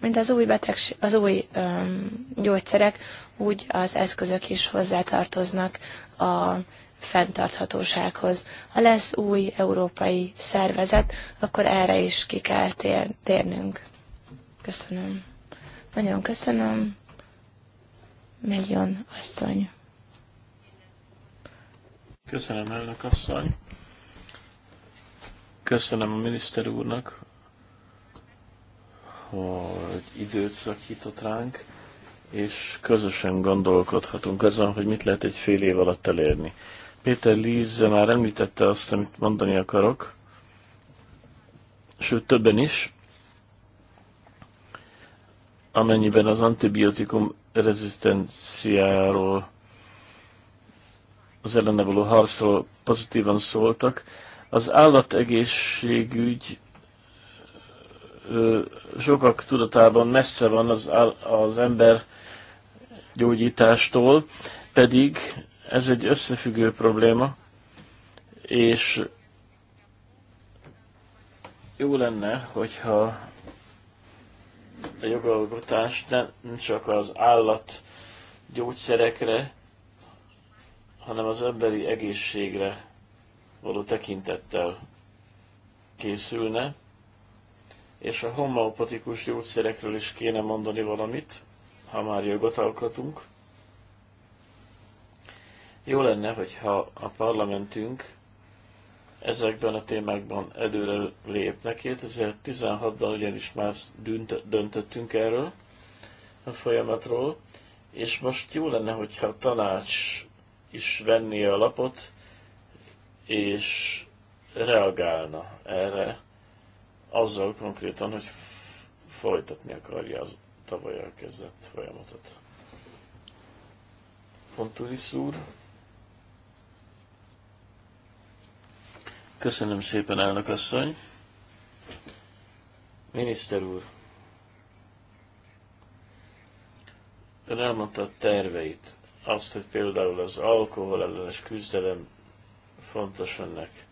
Speaker 1: Mint az új, betegség, az új öm, gyógyszerek, úgy az eszközök is hozzátartoznak a fenntarthatósághoz. Ha lesz új európai szervezet, akkor erre is ki kell tér, térnünk. Köszönöm. Nagyon köszönöm. Megjon asszony.
Speaker 3: Köszönöm, elnök asszony. Köszönöm a miniszter úrnak, hogy időt szakított ránk, és közösen gondolkodhatunk azon, hogy mit lehet egy fél év alatt elérni. Péter Líze már említette azt, amit mondani akarok, sőt többen is, amennyiben az antibiotikum rezisztenciáról, az ellene való harcról pozitívan szóltak. Az állategészségügy sokak tudatában messze van az, az ember gyógyítástól, pedig ez egy összefüggő probléma, és jó lenne, hogyha a jogalkotás nem csak az állat gyógyszerekre, hanem az emberi egészségre való tekintettel készülne, és a homeopatikus gyógyszerekről is kéne mondani valamit, ha már jogot alkotunk. Jó lenne, hogyha a parlamentünk ezekben a témákban előre lépnek. 2016-ban ugyanis már döntöttünk erről a folyamatról, és most jó lenne, hogyha a tanács is venné a lapot, és reagálna erre azzal konkrétan, hogy folytatni akarja a tavaly elkezdett folyamatot. Pontulis úr. Köszönöm szépen, elnök asszony. Miniszter úr, ön elmondta a terveit, azt, hogy például az alkohol ellenes küzdelem fontos önnek.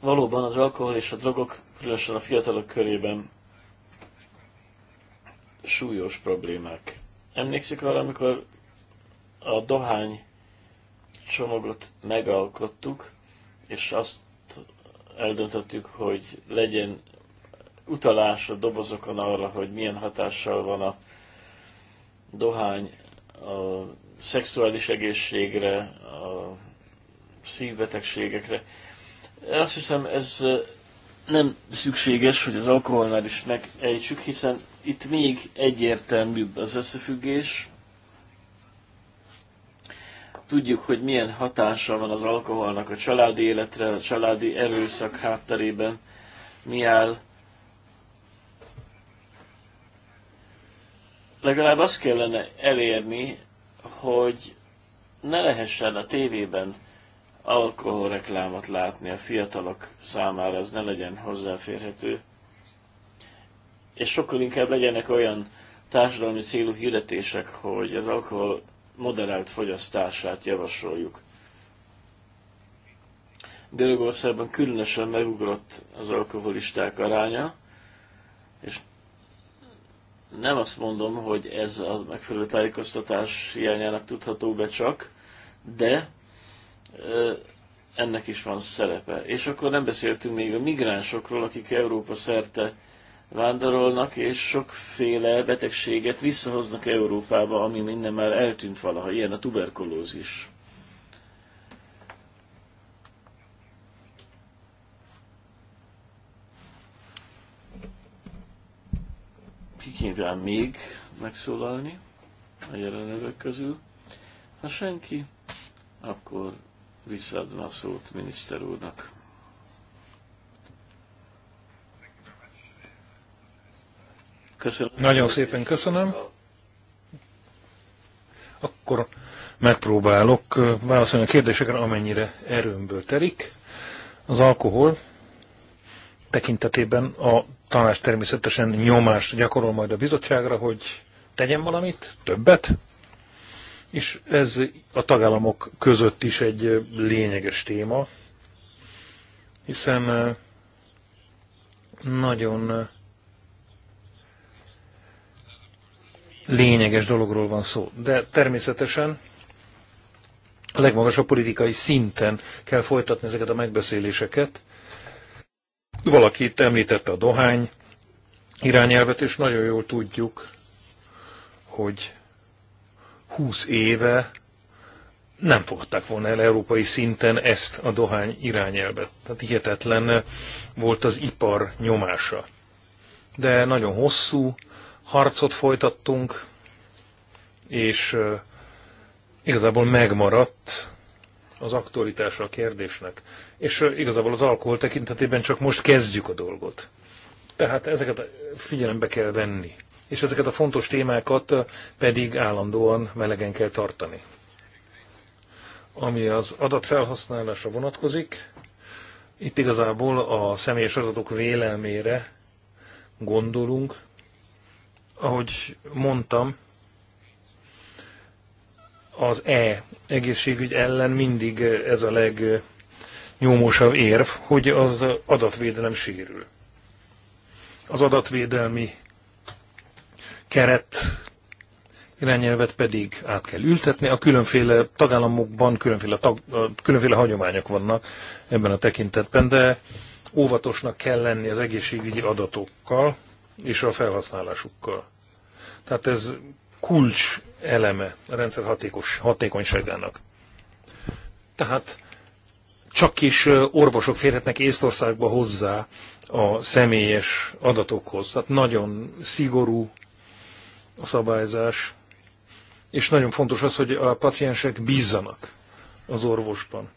Speaker 3: Valóban az alkohol és a drogok, különösen a fiatalok körében súlyos problémák. Emlékszik arra, amikor a dohány csomagot megalkottuk, és azt eldöntöttük, hogy legyen utalás a dobozokon arra, hogy milyen hatással van a dohány a szexuális egészségre, a szívbetegségekre. Azt hiszem, ez nem szükséges, hogy az alkoholnál is megejtsük, hiszen itt még egyértelműbb az összefüggés, Tudjuk, hogy milyen hatása van az alkoholnak a családi életre, a családi erőszak hátterében, mi áll. Legalább azt kellene elérni, hogy ne lehessen a tévében alkoholreklámot látni a fiatalok számára, ez ne legyen hozzáférhető. És sokkal inkább legyenek olyan társadalmi célú hirdetések, hogy az alkohol moderált fogyasztását javasoljuk. Görögországban különösen megugrott az alkoholisták aránya, és nem azt mondom, hogy ez a megfelelő tájékoztatás hiányának tudható be csak, de ennek is van szerepe. És akkor nem beszéltünk még a migránsokról, akik Európa szerte vándorolnak, és sokféle betegséget visszahoznak Európába, ami minden már eltűnt valaha, ilyen a tuberkulózis. Ki még megszólalni a jelenlevek közül? Ha senki, akkor visszaadom a szót miniszter úrnak. Köszönöm. Nagyon
Speaker 2: szépen köszönöm. Akkor megpróbálok válaszolni a kérdésekre, amennyire erőmből terik. Az alkohol tekintetében a tanács természetesen nyomást gyakorol majd a bizottságra, hogy tegyen valamit, többet, és ez a tagállamok között is egy lényeges téma, hiszen nagyon lényeges dologról van szó. De természetesen a legmagasabb politikai szinten kell folytatni ezeket a megbeszéléseket. Valaki itt említette a dohány irányelvet, és nagyon jól tudjuk, hogy 20 éve nem fogadták volna el európai szinten ezt a dohány irányelvet. Tehát hihetetlen volt az ipar nyomása. De nagyon hosszú, harcot folytattunk, és igazából megmaradt az aktualitása a kérdésnek. És igazából az alkohol tekintetében csak most kezdjük a dolgot. Tehát ezeket figyelembe kell venni. És ezeket a fontos témákat pedig állandóan melegen kell tartani. Ami az adatfelhasználásra vonatkozik, itt igazából a személyes adatok vélelmére gondolunk, ahogy mondtam, az E egészségügy ellen mindig ez a legnyomósabb érv, hogy az adatvédelem sérül. Az adatvédelmi keret irányelvet pedig át kell ültetni. A különféle tagállamokban különféle, tag, különféle hagyományok vannak ebben a tekintetben, de óvatosnak kell lenni az egészségügyi adatokkal, és a felhasználásukkal. Tehát ez kulcs eleme a rendszer hatékos, hatékonyságának. Tehát csak is orvosok férhetnek Észtországba hozzá a személyes adatokhoz. Tehát nagyon szigorú a szabályzás, és nagyon fontos az, hogy a paciensek bízzanak az orvosban.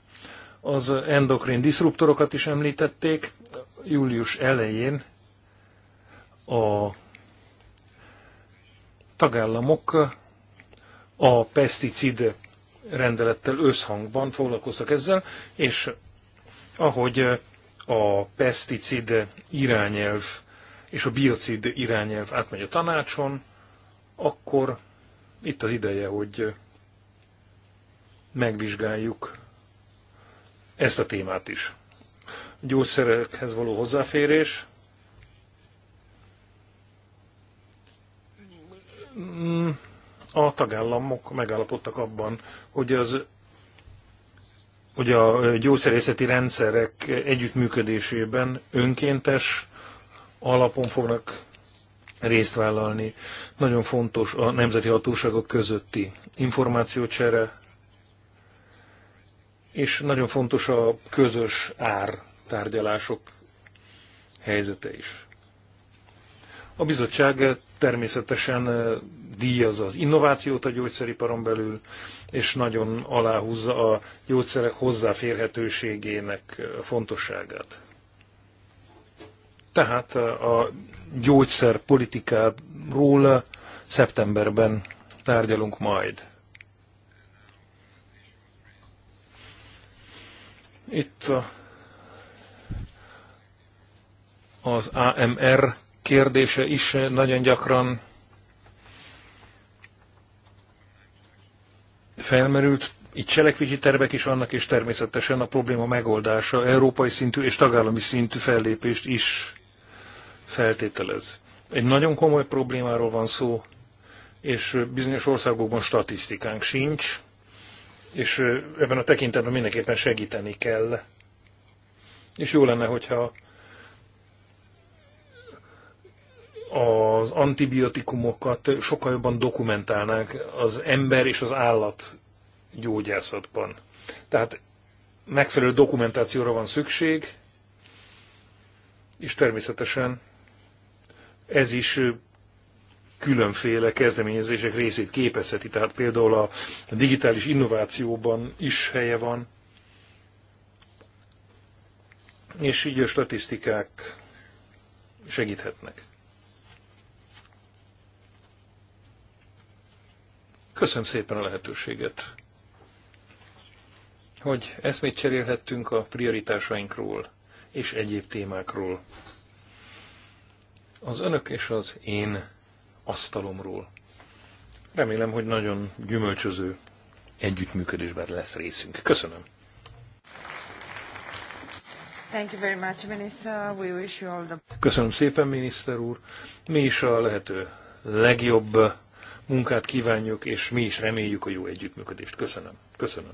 Speaker 2: Az endokrin diszruptorokat is említették, július elején a tagállamok a peszticid rendelettel összhangban foglalkoztak ezzel, és ahogy a peszticid irányelv és a biocid irányelv átmegy a tanácson, akkor itt az ideje, hogy megvizsgáljuk ezt a témát is. A gyógyszerekhez való hozzáférés, Mm, a tagállamok megállapodtak abban, hogy az hogy a gyógyszerészeti rendszerek együttműködésében önkéntes alapon fognak részt vállalni. Nagyon fontos a nemzeti hatóságok közötti információcsere, és nagyon fontos a közös ár tárgyalások helyzete is. A bizottság természetesen díjazza az innovációt a gyógyszeriparon belül, és nagyon aláhúzza a gyógyszerek hozzáférhetőségének fontosságát. Tehát a gyógyszerpolitikáról szeptemberben tárgyalunk majd. Itt a, az AMR kérdése is nagyon gyakran felmerült. Itt cselekvési tervek is vannak, és természetesen a probléma megoldása európai szintű és tagállami szintű fellépést is feltételez. Egy nagyon komoly problémáról van szó, és bizonyos országokban statisztikánk sincs, és ebben a tekintetben mindenképpen segíteni kell. És jó lenne, hogyha az antibiotikumokat sokkal jobban dokumentálnánk az ember és az állat gyógyászatban. Tehát megfelelő dokumentációra van szükség, és természetesen ez is különféle kezdeményezések részét képezheti, tehát például a digitális innovációban is helye van, és így a statisztikák segíthetnek. Köszönöm szépen a lehetőséget, hogy eszmét cserélhettünk a prioritásainkról és egyéb témákról. Az önök és az én asztalomról. Remélem, hogy nagyon gyümölcsöző együttműködésben lesz részünk. Köszönöm.
Speaker 1: Thank you very much, Minister. We wish you all the...
Speaker 2: Köszönöm szépen, miniszter úr. Mi is a lehető legjobb munkát kívánjuk, és mi is reméljük a jó együttműködést. Köszönöm. Köszönöm.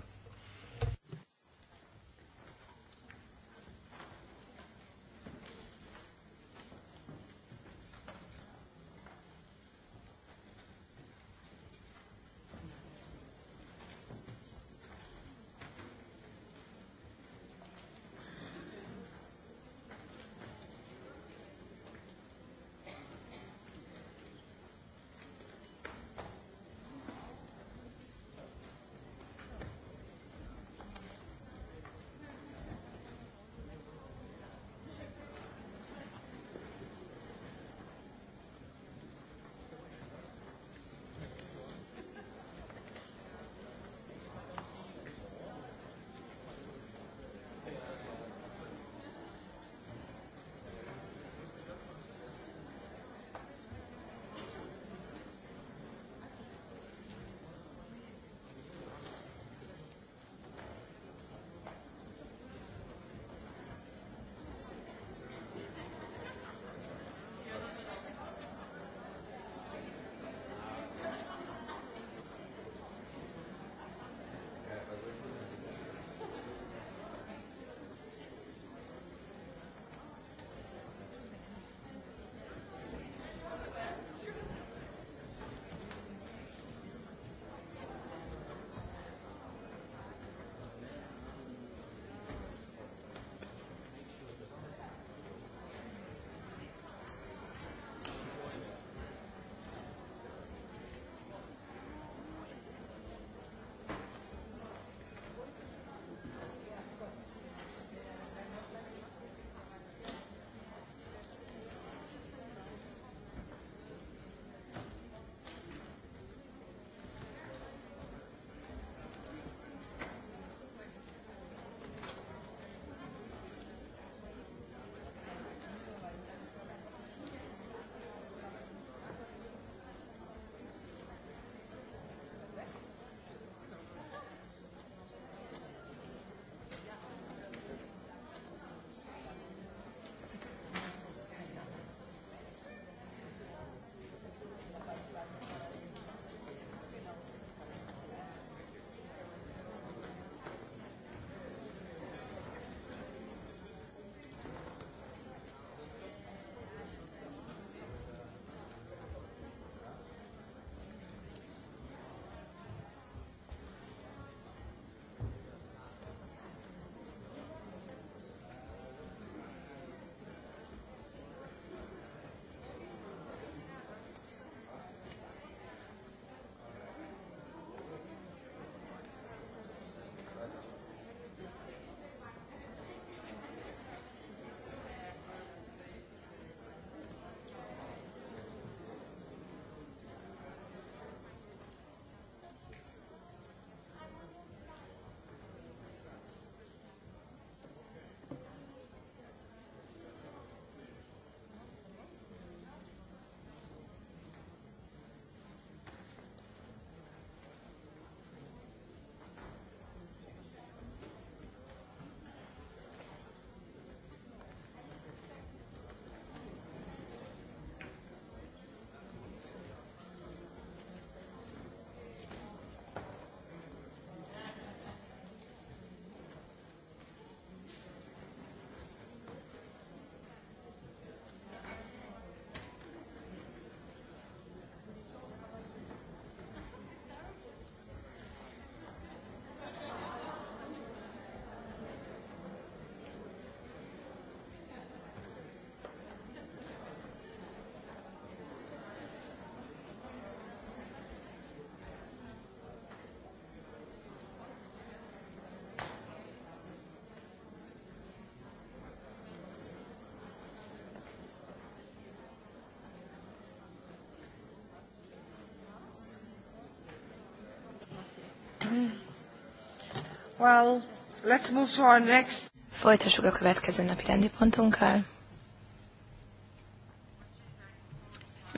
Speaker 1: Well, let's move to our next... Folytassuk a következő napi rendi pontunkkal.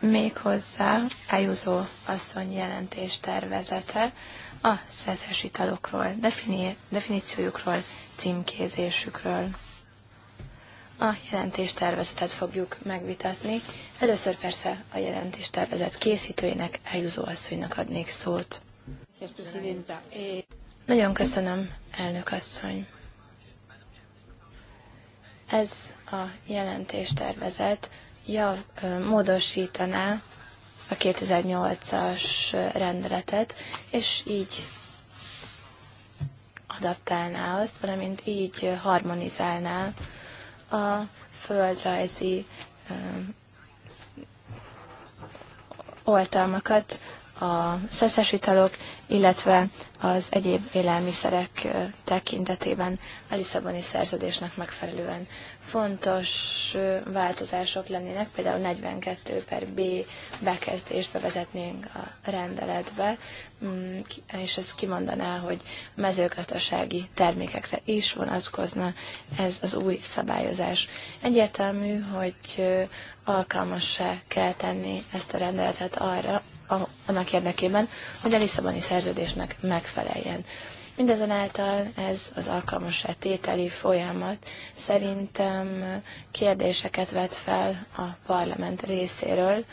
Speaker 1: Méghozzá Ájúzó asszony jelentés tervezete a szeszes italokról, defini- definíciójukról, címkézésükről. A jelentéstervezetet fogjuk megvitatni. Először persze a jelentéstervezet készítőjének, Ájúzó asszonynak adnék szót. Eh, Nagyon köszönöm, elnök asszony. Ez a jelentéstervezet jav, módosítaná a 2008-as rendeletet, és így adaptálná azt, valamint így harmonizálná a földrajzi oltalmakat a szeszes italok, illetve az egyéb élelmiszerek tekintetében a Lisszaboni szerződésnek megfelelően fontos változások lennének, például 42 per B bekezdést bevezetnénk a rendeletbe, mm, és ez kimondaná, hogy mezőgazdasági termékekre is vonatkozna ez az új szabályozás. Egyértelmű, hogy alkalmassá kell tenni ezt a rendeletet arra, annak érdekében, hogy a Lisszaboni szerződésnek megfeleljen. Mindezenáltal ez az alkalmassá e tételi folyamat szerintem kérdéseket vet fel a parlament részéről,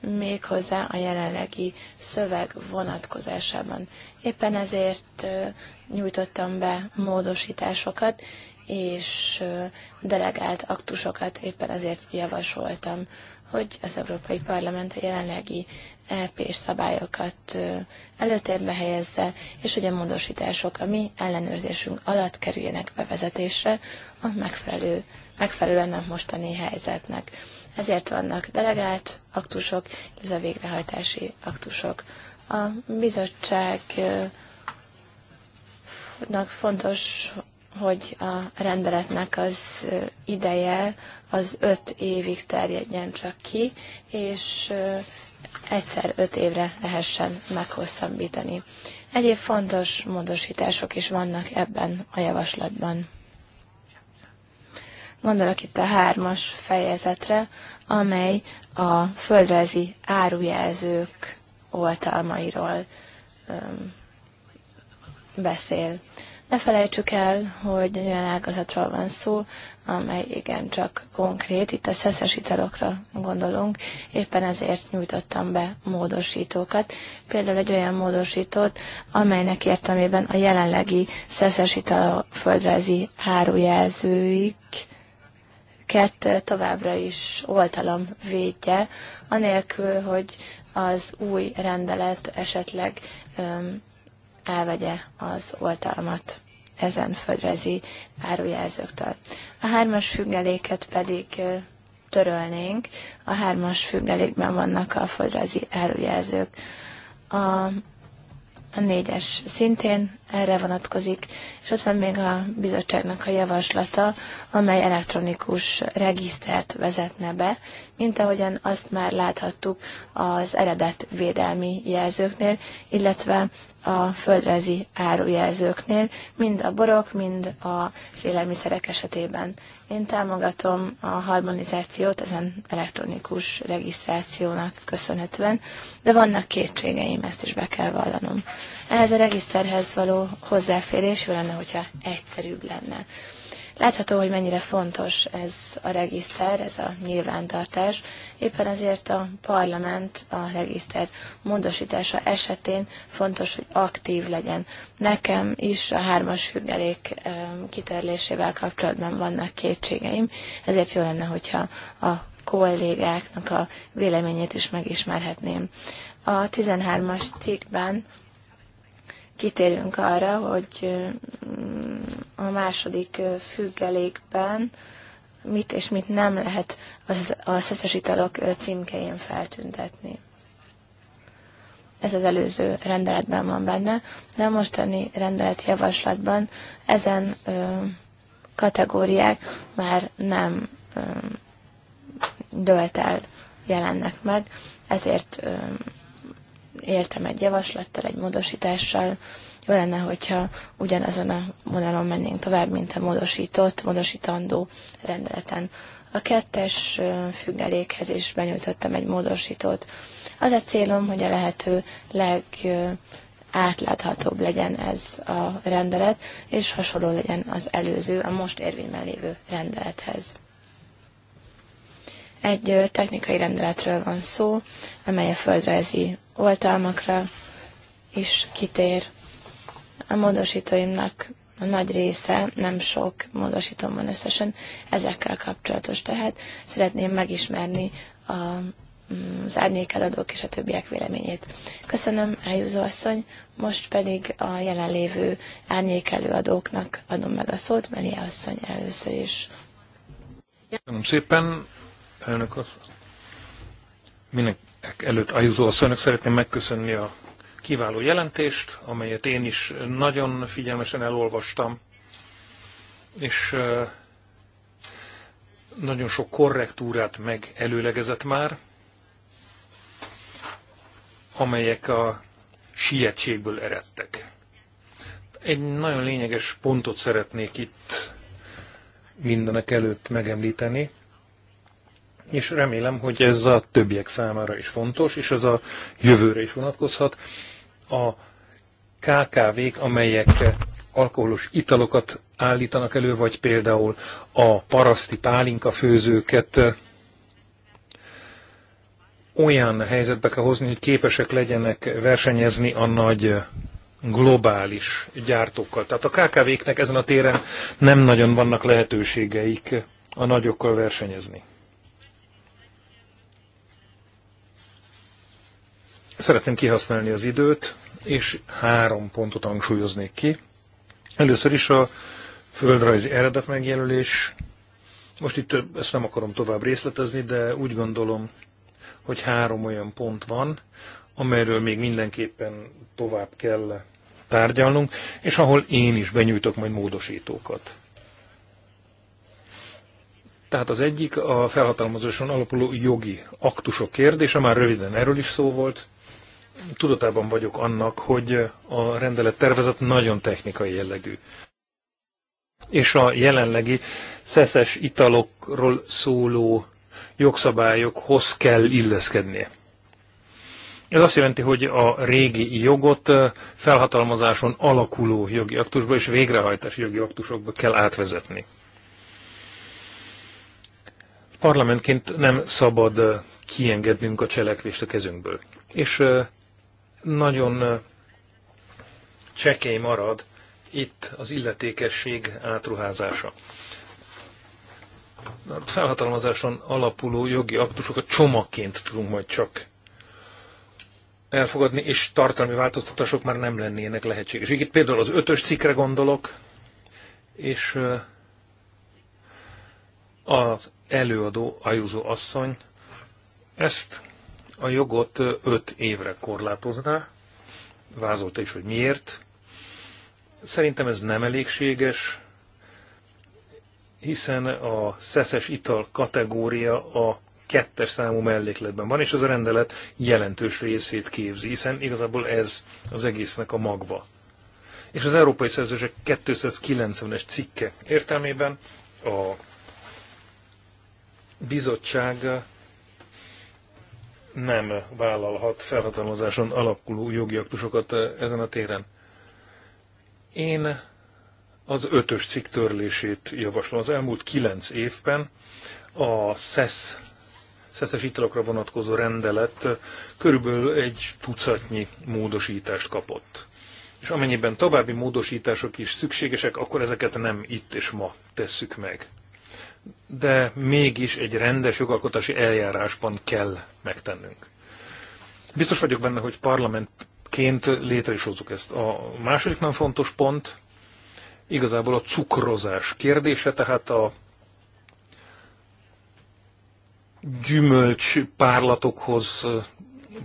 Speaker 1: méghozzá a jelenlegi szöveg vonatkozásában. Éppen ezért nyújtottam be módosításokat, és delegált aktusokat éppen ezért javasoltam hogy az Európai Parlament a jelenlegi ep és szabályokat előtérbe helyezze, és hogy a módosítások a mi ellenőrzésünk alatt kerüljenek bevezetésre a megfelelő, megfelelően a mostani helyzetnek. Ezért vannak delegált aktusok, illetve végrehajtási aktusok. A bizottságnak fontos, hogy a rendeletnek az ideje az öt évig terjedjen csak ki, és egyszer öt évre lehessen meghosszabbítani. Egyéb fontos módosítások is vannak ebben a javaslatban. Gondolok itt a hármas fejezetre, amely a földrajzi árujelzők oltalmairól öm, beszél. Ne felejtsük el, hogy olyan ágazatról van szó, amely igen csak konkrét, itt a szeszes italokra gondolunk, éppen ezért nyújtottam be módosítókat. Például egy olyan módosítót, amelynek értelmében a jelenlegi szeszes ital földrajzi árujelzőik kett továbbra is oltalom védje, anélkül, hogy az új rendelet esetleg elvegye az oltalmat ezen földrajzi árujelzőktől. A hármas függeléket pedig törölnénk. A hármas függelékben vannak a földrajzi árujelzők. A, a négyes szintén erre vonatkozik, és ott van még a bizottságnak a javaslata, amely elektronikus regisztert vezetne be, mint ahogyan azt már láthattuk az eredetvédelmi jelzőknél, illetve a földrajzi árujelzőknél, mind a borok, mind a élelmiszerek esetében. Én támogatom a harmonizációt ezen elektronikus regisztrációnak köszönhetően, de vannak kétségeim, ezt is be kell vallanom. Ehhez a regiszterhez való hozzáférés jó lenne, hogyha egyszerűbb lenne. Látható, hogy mennyire fontos ez a regiszter, ez a nyilvántartás. Éppen ezért a parlament a regiszter módosítása esetén fontos, hogy aktív legyen. Nekem is a hármas függelék kitörlésével kapcsolatban vannak kétségeim, ezért jó lenne, hogyha a kollégáknak a véleményét is megismerhetném. A 13-as cikkben kitérünk arra, hogy mm, a második függelékben mit és mit nem lehet a szeszes italok címkején feltüntetni. Ez az előző rendeletben van benne, de a mostani rendeletjavaslatban ezen kategóriák már nem dölt el, jelennek meg, ezért éltem egy javaslattal, egy módosítással. Jó lenne, hogyha ugyanazon a vonalon mennénk tovább, mint a módosított, módosítandó rendeleten. A kettes függelékhez is benyújtottam egy módosítót. Az a célom, hogy a lehető legátláthatóbb legyen ez a rendelet, és hasonló legyen az előző, a most érvényben lévő rendelethez. Egy technikai rendeletről van szó, amely a földrajzi oltalmakra is kitér. A módosítóimnak a nagy része, nem sok módosítom van összesen, ezekkel kapcsolatos. Tehát szeretném megismerni a, az árnyékeladók és a többiek véleményét. Köszönöm, Ájúzó asszony, most pedig a jelenlévő árnyékelőadóknak adom meg a szót, Meli asszony először is.
Speaker 2: Köszönöm szépen, elnök asszony. Mindenki előtt Ajuzó asszonynak szeretném megköszönni a kiváló jelentést, amelyet én is nagyon figyelmesen elolvastam, és nagyon sok korrektúrát megelőlegezett már, amelyek a sietségből eredtek. Egy nagyon lényeges pontot szeretnék itt mindenek előtt megemlíteni, és remélem, hogy ez a többiek számára is fontos, és ez a jövőre is vonatkozhat. A KKV-k, amelyek alkoholos italokat állítanak elő, vagy például a paraszti pálinka főzőket olyan helyzetbe kell hozni, hogy képesek legyenek versenyezni a nagy globális gyártókkal. Tehát a KKV-knek ezen a téren nem nagyon vannak lehetőségeik a nagyokkal versenyezni. Szeretném kihasználni az időt, és három pontot hangsúlyoznék ki. Először is a földrajzi eredet megjelölés. Most itt ezt nem akarom tovább részletezni, de úgy gondolom, hogy három olyan pont van, amelyről még mindenképpen tovább kell tárgyalnunk, és ahol én is benyújtok majd módosítókat. Tehát az egyik a felhatalmazáson alapuló jogi aktusok kérdése, már röviden erről is szó volt tudatában vagyok annak, hogy a rendelet tervezet nagyon technikai jellegű. És a jelenlegi szeszes italokról szóló jogszabályokhoz kell illeszkednie. Ez azt jelenti, hogy a régi jogot felhatalmazáson alakuló jogi aktusba és végrehajtási jogi aktusokba kell átvezetni. Parlamentként nem szabad kiengednünk a cselekvést a kezünkből. És nagyon csekély marad itt az illetékesség átruházása. A felhatalmazáson alapuló jogi aktusokat csomagként tudunk majd csak elfogadni, és tartalmi változtatások már nem lennének lehetségesek. Itt például az ötös cikkre gondolok, és az előadó Ajuzó asszony ezt a jogot öt évre korlátozná, vázolta is, hogy miért. Szerintem ez nem elégséges, hiszen a szeszes ital kategória a kettes számú mellékletben van, és az a rendelet jelentős részét képzi, hiszen igazából ez az egésznek a magva. És az Európai Szerzősek 290-es cikke értelmében a bizottság nem vállalhat felhatalmazáson alapuló jogi aktusokat eh, ezen a téren. Én az ötös cikk törlését javaslom. Az elmúlt kilenc évben a SESZ, szeszes italokra vonatkozó rendelet eh, körülbelül egy tucatnyi módosítást kapott. És amennyiben további módosítások is szükségesek, akkor ezeket nem itt és ma tesszük meg de mégis egy rendes jogalkotási eljárásban kell megtennünk. Biztos vagyok benne, hogy parlamentként létre is hozzuk ezt. A második nem fontos pont igazából a cukrozás kérdése, tehát a gyümölcs párlatokhoz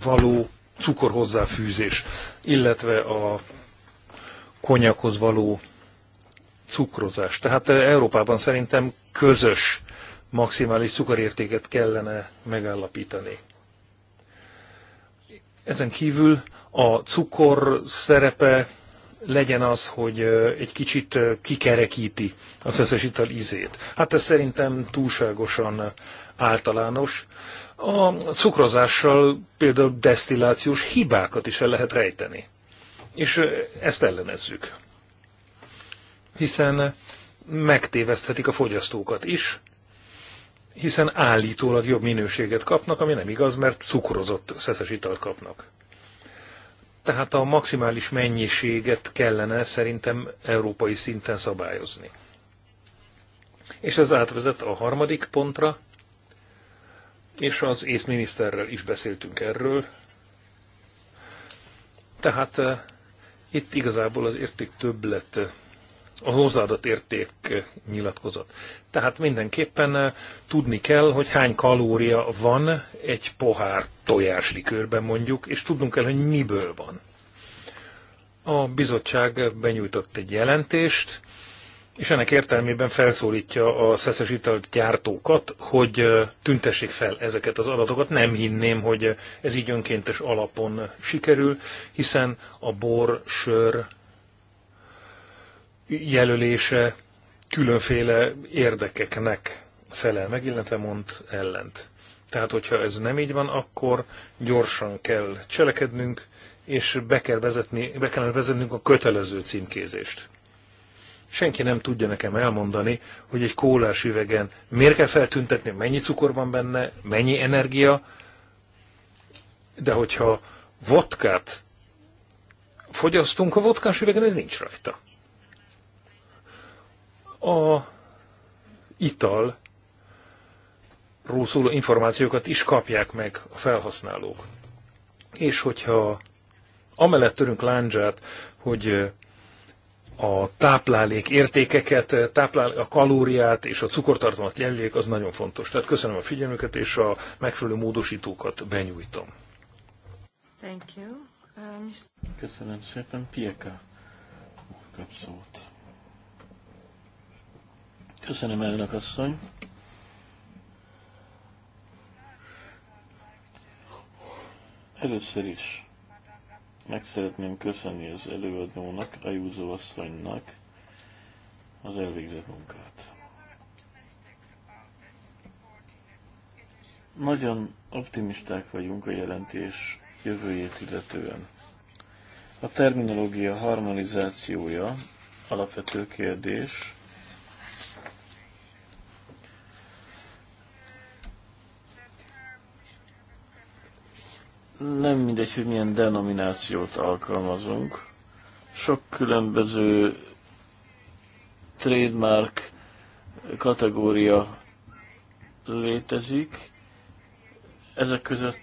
Speaker 2: való cukor hozzáfűzés, illetve a konyakhoz való cukrozás. Tehát eh, Európában szerintem közös maximális cukorértéket kellene megállapítani. Ezen kívül a cukor szerepe legyen az, hogy eh, egy kicsit eh, kikerekíti az összes ital ízét. Hát ez szerintem túlságosan általános. A cukrozással például desztillációs hibákat is el lehet rejteni. És ezt ellenezzük hiszen megtéveszthetik a fogyasztókat is, hiszen állítólag jobb minőséget kapnak, ami nem igaz, mert cukrozott szeszes italt kapnak. Tehát a maximális mennyiséget kellene szerintem európai szinten szabályozni. És ez átvezet a harmadik pontra, és az észminiszterrel is beszéltünk erről. Tehát eh, itt igazából az érték többlet eh, a hozzáadott érték nyilatkozat. Tehát mindenképpen tudni kell, hogy hány kalória van egy pohár tojáslikőrben mondjuk, és tudnunk kell, hogy miből van. A bizottság benyújtott egy jelentést, és ennek értelmében felszólítja a szeszes italt gyártókat, hogy tüntessék fel ezeket az adatokat. Nem hinném, hogy ez így önkéntes alapon sikerül, hiszen a bor, sör, jelölése különféle érdekeknek felel meg, illetve mond ellent. Tehát, hogyha ez nem így van, akkor gyorsan kell cselekednünk, és be, kell vezetni, be kell vezetnünk a kötelező címkézést. Senki nem tudja nekem elmondani, hogy egy kólás üvegen miért kell feltüntetni, mennyi cukor van benne, mennyi energia, de hogyha vodkát fogyasztunk, a vodkás üvegen ez nincs rajta a ital szóló információkat is kapják meg a felhasználók. És hogyha amellett törünk láncsát, hogy a táplálék értékeket, táplál, a kalóriát és a cukortartalmat jelöljék, az nagyon fontos. Tehát köszönöm a figyelmüket, és a megfelelő módosítókat benyújtom. Thank you. Um,
Speaker 3: Köszönöm szépen, Pieka. Kap szót. Köszönöm, elnök asszony. Először is meg szeretném köszönni az előadónak, a Júzó asszonynak az elvégzett munkát. Nagyon optimisták vagyunk a jelentés jövőjét illetően. A terminológia harmonizációja alapvető kérdés, nem mindegy, hogy milyen denominációt alkalmazunk. Sok különböző trademark kategória létezik. Ezek között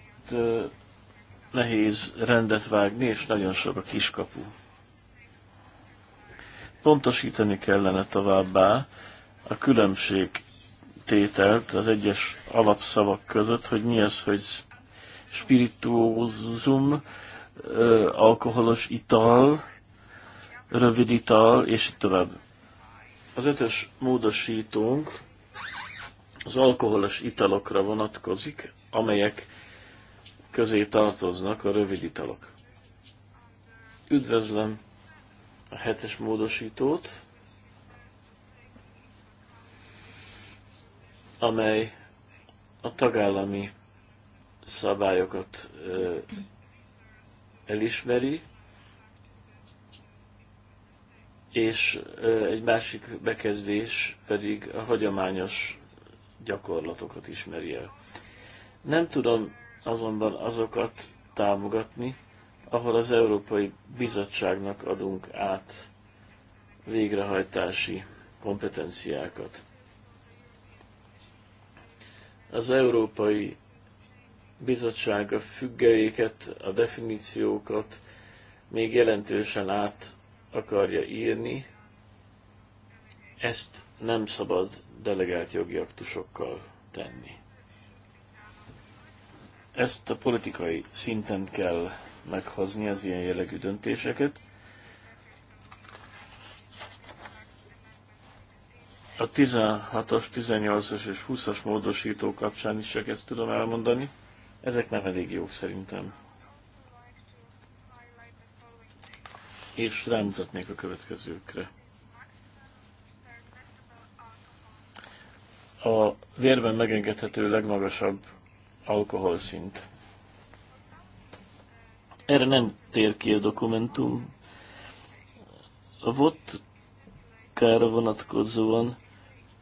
Speaker 3: nehéz rendet vágni, és nagyon sok a kiskapu. Pontosítani kellene továbbá a különbség tételt az egyes alapszavak között, hogy mi az, hogy spirituózum, alkoholos ital, rövid ital, és így tovább. Az ötös módosítónk az alkoholos italokra vonatkozik, amelyek közé tartoznak a rövid italok. Üdvözlöm a hetes módosítót, amely a tagállami szabályokat elismeri, és egy másik bekezdés pedig a hagyományos gyakorlatokat ismeri el. Nem tudom azonban azokat támogatni, ahol az Európai Bizottságnak adunk át végrehajtási kompetenciákat. Az Európai bizottság a függeléket, a definíciókat még jelentősen át akarja írni, ezt nem szabad delegált jogi aktusokkal tenni. Ezt a politikai szinten kell meghozni az ilyen jellegű döntéseket. A 16-as, 18-as és 20-as módosító kapcsán is csak ezt tudom elmondani. Ezek nem elég jók szerintem. És rámutatnék a következőkre. A vérben megengedhető legmagasabb alkoholszint. Erre nem tér ki a dokumentum. A vodkára vonatkozóan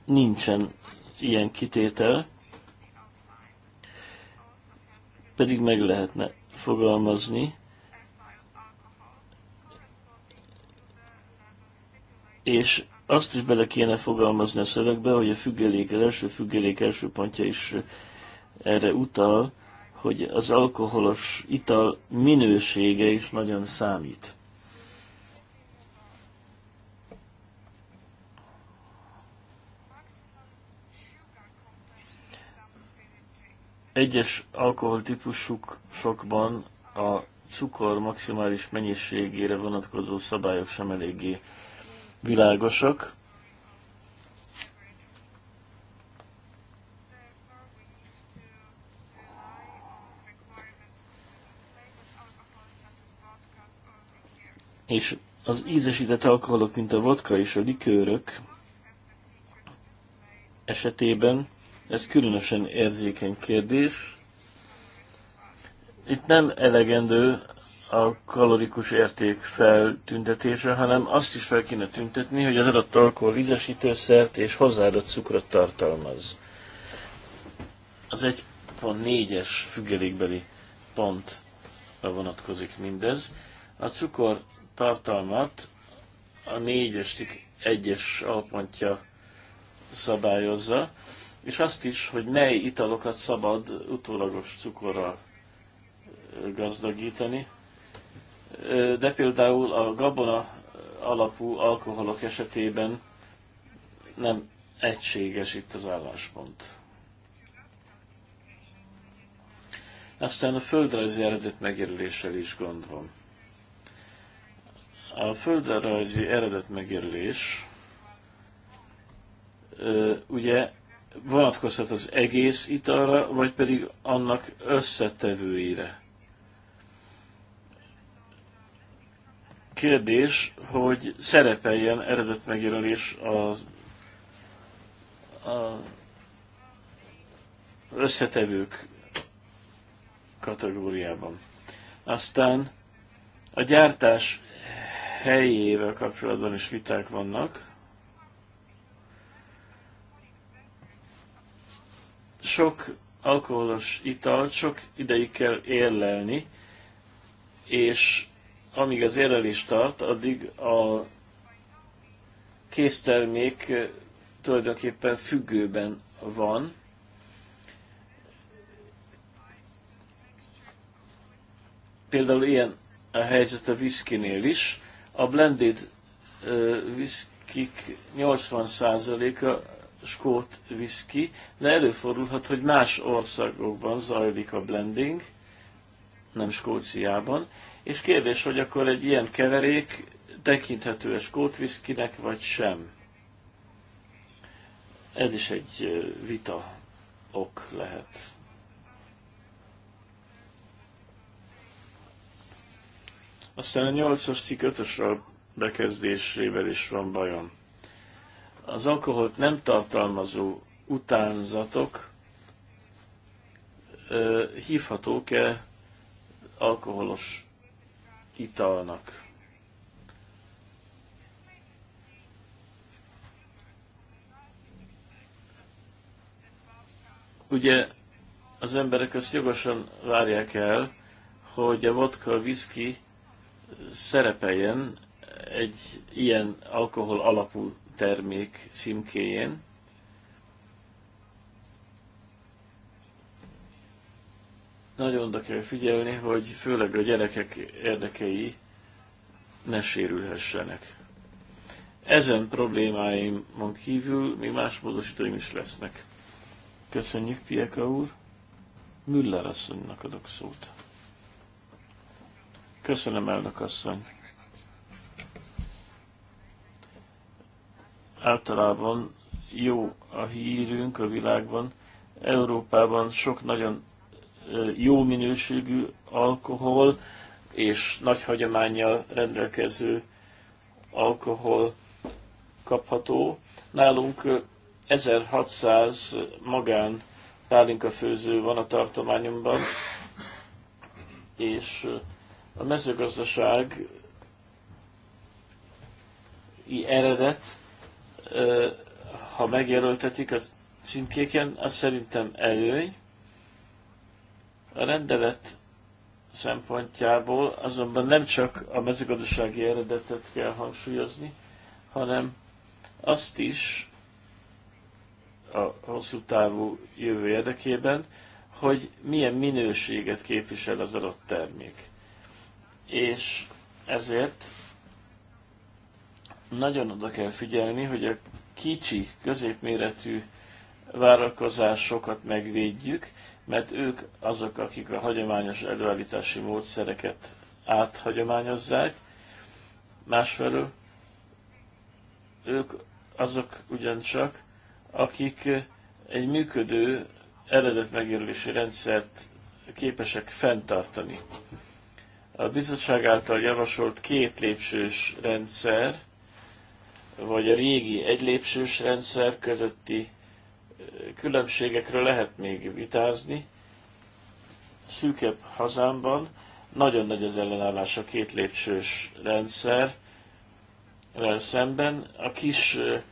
Speaker 3: nincsen ilyen kitétel, pedig meg lehetne fogalmazni, és azt is bele kéne fogalmazni a szövegbe, hogy a függelék, az első függelék első pontja is erre utal, hogy az alkoholos ital minősége is nagyon számít. Egyes alkoholtípusuk sokban a cukor maximális mennyiségére vonatkozó szabályok sem eléggé világosak. És az ízesített alkoholok, mint a vodka és a likőrök esetében ez különösen érzékeny kérdés. Itt nem elegendő a kalorikus érték feltüntetése, hanem azt is fel kéne tüntetni, hogy az adott alkohol vizesítőszert és hozzáadott cukrot tartalmaz. Az 1.4-es függelékbeli pontra vonatkozik mindez. A cukor tartalmat a 4-es 1-es alpontja szabályozza, és azt is, hogy mely italokat szabad utólagos cukorral gazdagítani. De például a gabona alapú alkoholok esetében nem egységes itt az álláspont. Aztán a földrajzi eredet megjelöléssel is gond van. A földrajzi eredet megjelölés ugye vonatkozhat az egész italra, vagy pedig annak összetevőire. Kérdés, hogy szerepeljen eredet megjelölés az a összetevők kategóriában. Aztán a gyártás helyével kapcsolatban is viták vannak. sok alkoholos italt sok ideig kell érlelni, és amíg az érlelés tart, addig a késztermék eh, tulajdonképpen függőben van. Például ilyen a helyzet a viszkinél is. A blended eh, viszkik 80%-a skót viszki, de előfordulhat, hogy más országokban zajlik a blending, nem Skóciában, és kérdés, hogy akkor egy ilyen keverék tekinthető a skót viszkinek, vagy sem. Ez is egy vita ok lehet. Aztán a 8-as cikk 5 bekezdésével is van bajom az alkoholt nem tartalmazó utánzatok hívhatók-e alkoholos italnak? Ugye az emberek azt jogosan várják el, hogy a vodka, a whisky szerepeljen egy ilyen alkohol alapú termék címkéjén. Nagyon oda kell figyelni, hogy főleg a gyerekek érdekei ne sérülhessenek. Ezen problémáimon kívül mi más módosítóim is lesznek. Köszönjük, Pieka úr! Müller asszonynak adok szót. Köszönöm, elnök asszony. általában jó a hírünk a világban. Európában sok nagyon jó minőségű alkohol és nagy hagyományjal rendelkező alkohol kapható. Nálunk 1600 magán főző van a tartományomban, és a mezőgazdaság eredet ha megjelöltetik a címkéken, az szerintem előny. A rendelet szempontjából azonban nem csak a mezőgazdasági eredetet kell hangsúlyozni, hanem azt is a hosszú távú jövő érdekében, hogy milyen minőséget képvisel az adott termék. És ezért nagyon oda kell figyelni, hogy a kicsi, középméretű várakozásokat megvédjük, mert ők azok, akik a hagyományos előállítási módszereket áthagyományozzák, másfelől ők azok ugyancsak, akik egy működő eredet megjelölési rendszert képesek fenntartani. A bizottság által javasolt két lépcsős rendszer vagy a régi egylépsős rendszer közötti eh, különbségekről lehet még vitázni. Szűkebb hazámban nagyon nagy az ellenállás a két lépsős rendszer szemben. A kis eh,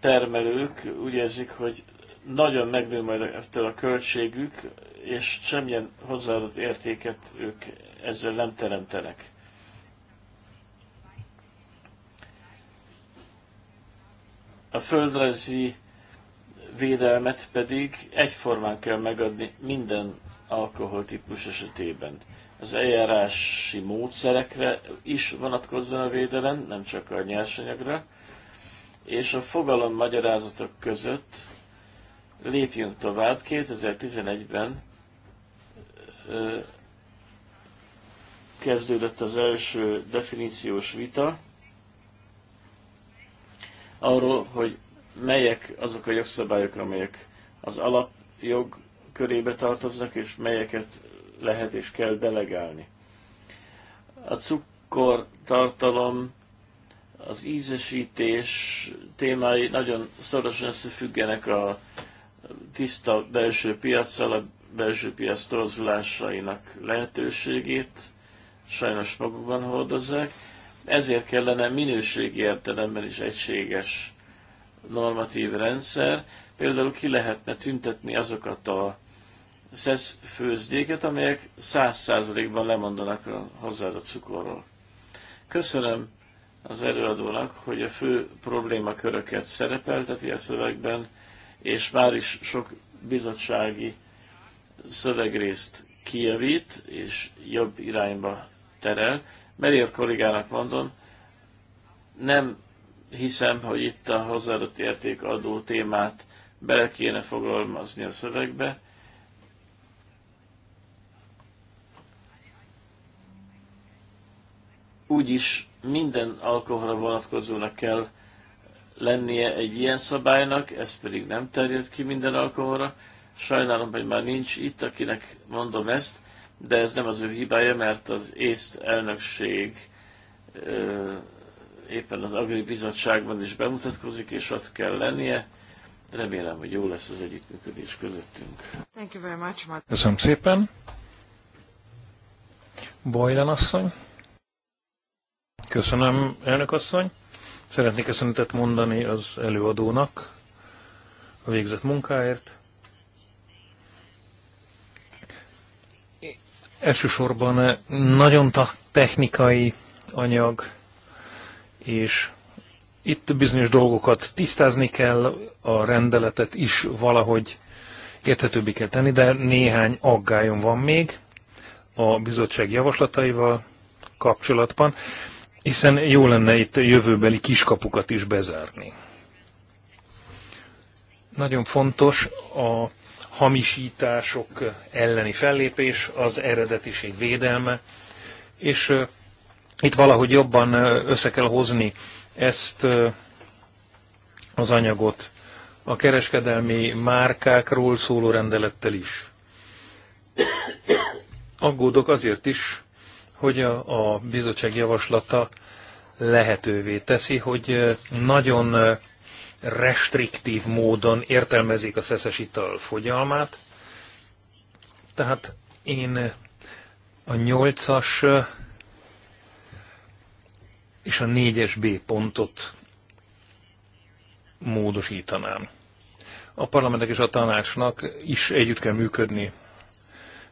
Speaker 3: termelők úgy érzik, hogy nagyon megnő majd ettől a költségük, és semmilyen hozzáadott értéket ők ezzel nem teremtenek. a földrajzi védelmet pedig egyformán kell megadni minden alkoholtípus esetében. Az eljárási módszerekre is vonatkozóan a védelem, nem csak a nyersanyagra, és a fogalom magyarázatok között lépjünk tovább. 2011-ben kezdődött az első definíciós vita, arról, hogy melyek azok a jogszabályok, amelyek az alapjog körébe tartoznak, és melyeket lehet és kell delegálni. A cukortartalom, az ízesítés témái nagyon szorosan összefüggenek a tiszta belső piacsal, a belső piac torzulásainak lehetőségét sajnos magukban hordozzák, ezért kellene minőségi értelemben is egységes normatív rendszer. Például ki lehetne tüntetni azokat a szesz főzdéket, amelyek száz százalékban lemondanak a hozzáadott cukorról. Köszönöm az előadónak, hogy a fő problémaköröket szerepelteti a szövegben, és már is sok bizottsági szövegrészt kijavít, és jobb irányba terel. Melior kollégának mondom, nem hiszem, hogy itt a hozzáadott érték adó témát bele kéne fogalmazni a szövegbe. Úgyis minden alkoholra vonatkozónak kell lennie egy ilyen szabálynak, ez pedig nem terjed ki minden alkoholra. Sajnálom, hogy már nincs itt, akinek mondom ezt, de ez nem az ő hibája, mert az észt elnökség éppen az Agri Bizottságban is bemutatkozik, és ott kell lennie. Remélem, hogy jó lesz az együttműködés közöttünk.
Speaker 1: Thank you very much, Mark. Köszönöm
Speaker 2: szépen. Bojlan asszony. Köszönöm, elnök asszony. Szeretnék köszönetet mondani az előadónak a végzett munkáért. Elsősorban nagyon technikai anyag, és itt bizonyos dolgokat tisztázni kell, a rendeletet is valahogy érthetőbbé kell tenni, de néhány aggályom van még a bizottság javaslataival kapcsolatban, hiszen jó lenne itt jövőbeli kiskapukat is bezárni. Nagyon fontos a hamisítások elleni fellépés, az eredetiség védelme, és itt valahogy jobban össze kell hozni ezt az anyagot a kereskedelmi márkákról szóló rendelettel is. Aggódok azért is, hogy a, a bizottság javaslata lehetővé teszi, hogy nagyon restriktív módon értelmezik a szeszes ital fogyalmát. Tehát én a 8-as és a 4-es B pontot módosítanám. A parlamentek és a tanácsnak is együtt kell működni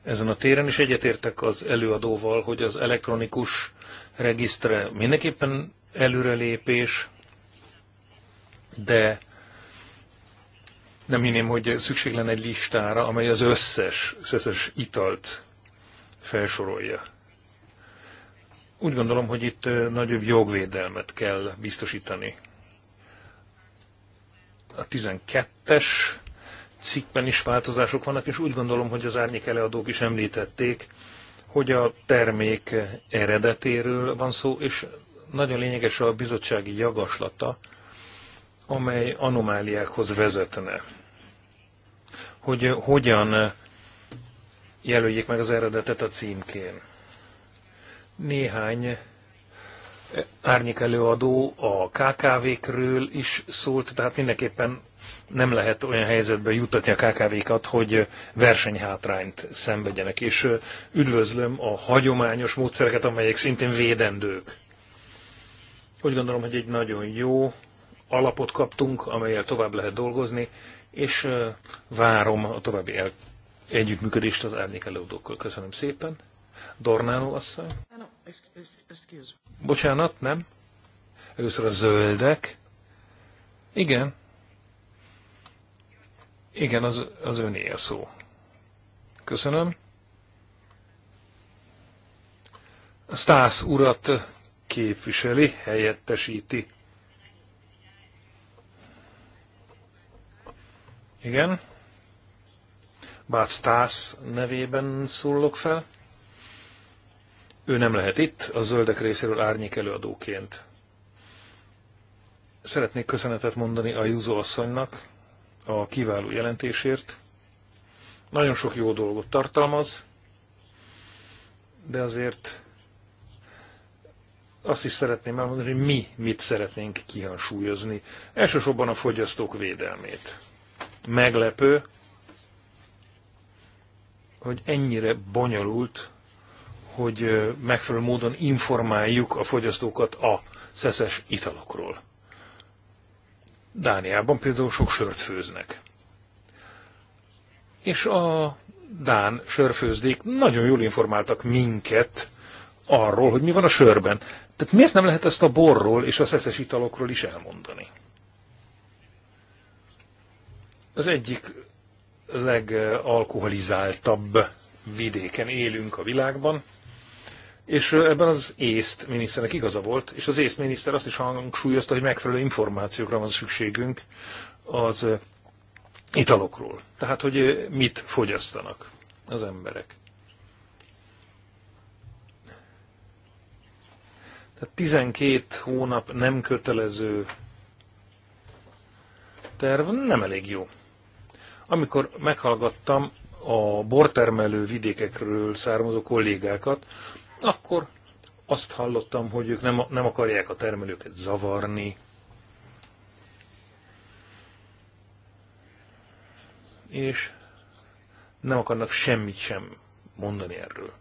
Speaker 2: ezen a téren, és egyetértek az előadóval, hogy az elektronikus regisztre mindenképpen előrelépés, de nem hinném, hogy szükség lenne egy listára, amely az összes, az összes italt felsorolja. Úgy gondolom, hogy itt nagyobb jogvédelmet kell biztosítani. A 12-es cikkben is változások vannak, és úgy gondolom, hogy az árnyék eleadók is említették, hogy a termék eredetéről van szó, és nagyon lényeges a bizottsági javaslata, amely anomáliákhoz vezetne. Hogy hogyan jelöljék meg az eredetet a címkén. Néhány árnyék előadó a KKV-kről is szólt, tehát mindenképpen nem lehet olyan helyzetbe jutatni a KKV-kat, hogy versenyhátrányt szenvedjenek, és üdvözlöm a hagyományos módszereket, amelyek szintén védendők. Úgy gondolom, hogy egy nagyon jó alapot kaptunk, amelyel tovább lehet dolgozni, és várom a további el- együttműködést az árnyék előadókkal. Köszönöm szépen. Dornánó asszony? Bocsánat, nem? Először a zöldek. Igen. Igen, az, az öné a szó. Köszönöm. Stász urat képviseli, helyettesíti. Igen. Bát Stász nevében szólok fel. Ő nem lehet itt, a zöldek részéről árnyék előadóként. Szeretnék köszönetet mondani a Júzó asszonynak a kiváló jelentésért. Nagyon sok jó dolgot tartalmaz, de azért azt is szeretném elmondani, hogy mi mit szeretnénk kihansúlyozni. Elsősorban a fogyasztók védelmét meglepő, hogy ennyire bonyolult, hogy megfelelő módon informáljuk a fogyasztókat a szeszes italokról. Dániában például sok sört főznek. És a Dán sörfőzdék nagyon jól informáltak minket arról, hogy mi van a sörben. Tehát miért nem lehet ezt a borról és a szeszes italokról is elmondani? Az egyik legalkoholizáltabb vidéken élünk a világban, és ebben az észt miniszternek igaza volt, és az észt miniszter azt is hangsúlyozta, hogy megfelelő információkra van szükségünk az italokról. Tehát, hogy mit fogyasztanak az emberek. Tehát 12 hónap nem kötelező terv nem elég jó. Amikor meghallgattam a bortermelő vidékekről származó kollégákat, akkor azt hallottam, hogy ők nem, nem akarják a termelőket zavarni. És nem akarnak semmit sem mondani erről.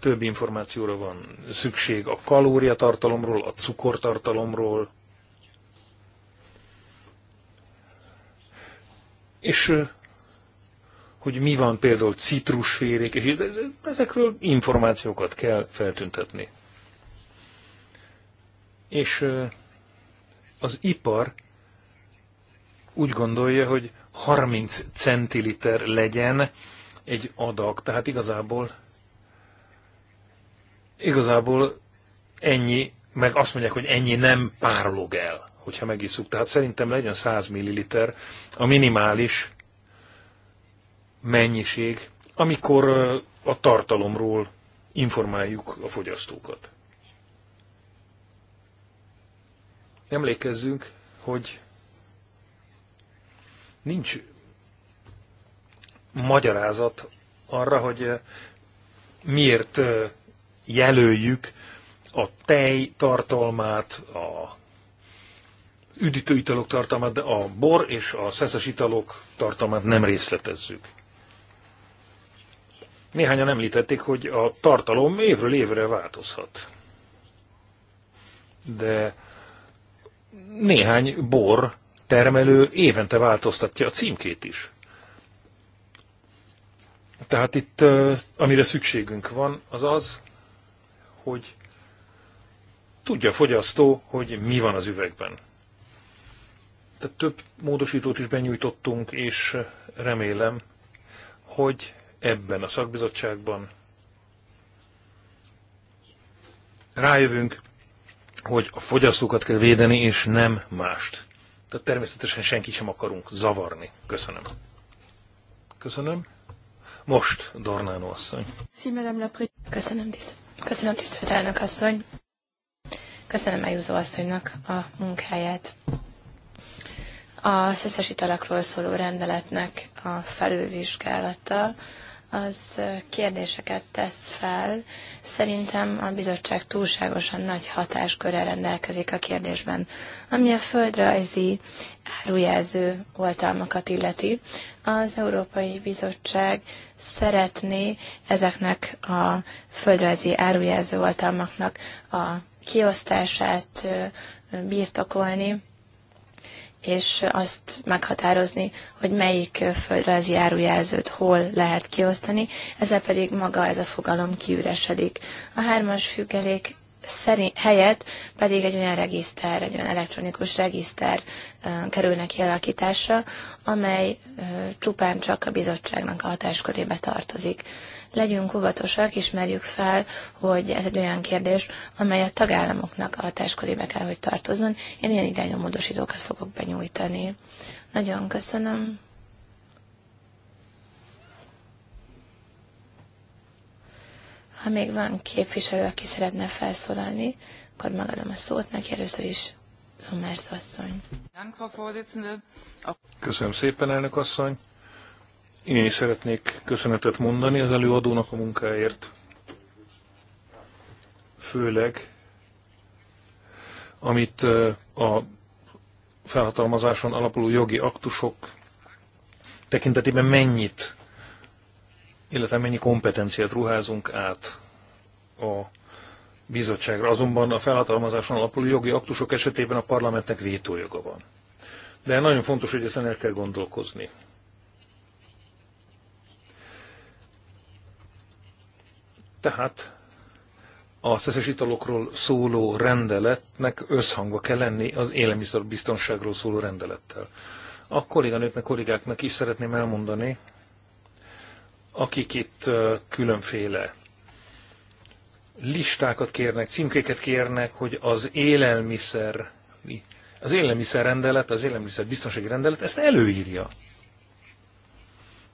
Speaker 2: Több információra van szükség a kalóriatartalomról, a cukortartalomról, És hogy mi van például citrusférék, és ezekről információkat kell feltüntetni. És az ipar úgy gondolja, hogy 30 centiliter legyen egy adag, tehát igazából igazából ennyi, meg azt mondják, hogy ennyi nem párolog el hogyha megisszuk. Tehát szerintem legyen 100 ml a minimális mennyiség, amikor a tartalomról informáljuk a fogyasztókat. Emlékezzünk, hogy nincs magyarázat arra, hogy miért jelöljük a tej tartalmát, a üdítőitalok tartalmát, de a bor és a szeszes italok tartalmát nem részletezzük. Néhányan említették, hogy a tartalom évről évre változhat. De néhány bor termelő évente változtatja a címkét is. Tehát itt, amire szükségünk van, az az, hogy tudja a fogyasztó, hogy mi van az üvegben. Tehát több módosítót is benyújtottunk, és remélem, hogy ebben a szakbizottságban rájövünk, hogy a fogyasztókat kell védeni, és nem mást. Tehát természetesen senki sem akarunk zavarni. Köszönöm. Köszönöm. Most, Dornánó asszony.
Speaker 1: Köszönöm, Köszönöm tisztelt elnök asszony. Köszönöm Eljúzó asszonynak a munkáját. A szeszes italakról szóló rendeletnek a felülvizsgálata az kérdéseket tesz fel. Szerintem a bizottság túlságosan nagy hatáskörrel rendelkezik a kérdésben, ami a földrajzi árujelző oltalmakat illeti. Az Európai Bizottság szeretné ezeknek a földrajzi árujelző oltalmaknak a kiosztását birtokolni, és azt meghatározni, hogy melyik földrajzi árujelzőt hol lehet kiosztani, ezzel pedig maga ez a fogalom kiüresedik. A hármas függelék szerint, helyett pedig egy olyan regiszter, egy olyan elektronikus regiszter e, kerülne kialakításra, amely e, csupán csak a bizottságnak a hatáskörébe tartozik legyünk óvatosak, ismerjük fel, hogy ez egy olyan kérdés, amely a tagállamoknak a hatáskorébe kell, hogy tartozzon. Én ilyen irányú módosítókat fogok benyújtani. Nagyon köszönöm. Ha még van képviselő, aki szeretne felszólalni, akkor megadom a szót neki először is. Zomers asszony.
Speaker 2: Köszönöm szépen, elnök asszony. Én is szeretnék köszönetet mondani az előadónak a munkáért. Főleg, amit a felhatalmazáson alapuló jogi aktusok tekintetében mennyit, illetve mennyi kompetenciát ruházunk át a bizottságra. Azonban a felhatalmazáson alapuló jogi aktusok esetében a parlamentnek vétójoga van. De nagyon fontos, hogy ezen el kell gondolkozni. Tehát a szeszes italokról szóló rendeletnek összhangba kell lenni az élelmiszerbiztonságról szóló rendelettel. A kolléganőknek, kollégáknak is szeretném elmondani, akik itt különféle listákat kérnek, címkéket kérnek, hogy az élelmiszer, az élelmiszer rendelet, az élelmiszer biztonsági rendelet ezt előírja.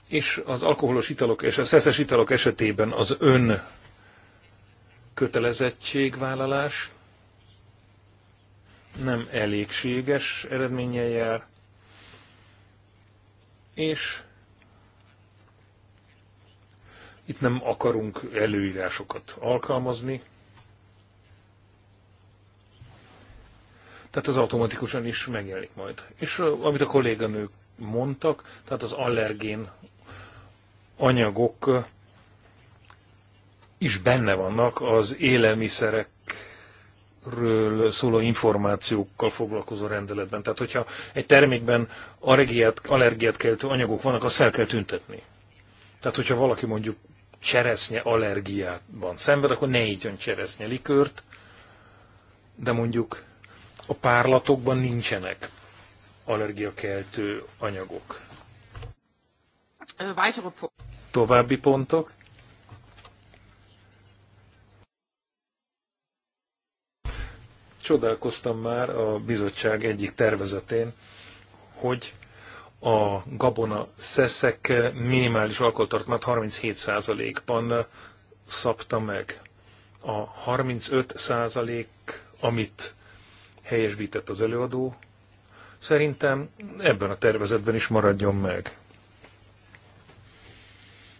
Speaker 2: És az alkoholos italok és a szeszes italok esetében az ön kötelezettségvállalás nem elégséges eredménnyel jár, és itt nem akarunk előírásokat alkalmazni, tehát ez automatikusan is megjelenik majd. És amit a kolléganők mondtak, tehát az allergén anyagok is benne vannak az élelmiszerekről szóló információkkal foglalkozó rendeletben. Tehát, hogyha egy termékben allergiát, allergiát keltő anyagok vannak, azt fel kell tüntetni. Tehát, hogyha valaki mondjuk cseresznye allergiában szenved, akkor ne igyon cseresznye likört, de mondjuk a párlatokban nincsenek allergiakeltő anyagok. További pontok. Csodálkoztam már a bizottság egyik tervezetén, hogy a gabona szeszek minimális alkoholtartalmat 37%-ban szabta meg. A 35%, amit helyesbített az előadó, szerintem ebben a tervezetben is maradjon meg.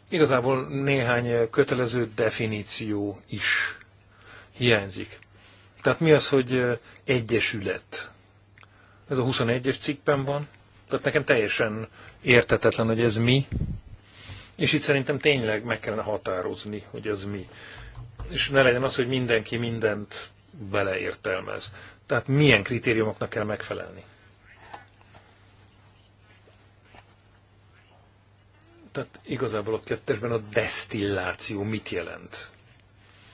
Speaker 2: Igazából néhány kötelező definíció is hiányzik. Tehát mi az, hogy egyesület? Ez a 21-es cikkben van. Tehát nekem teljesen értetetlen, hogy ez mi. És itt szerintem tényleg meg kellene határozni, hogy ez mi. És ne legyen az, hogy mindenki mindent beleértelmez. Tehát milyen kritériumoknak kell megfelelni. Tehát igazából a kettesben a desztilláció mit jelent?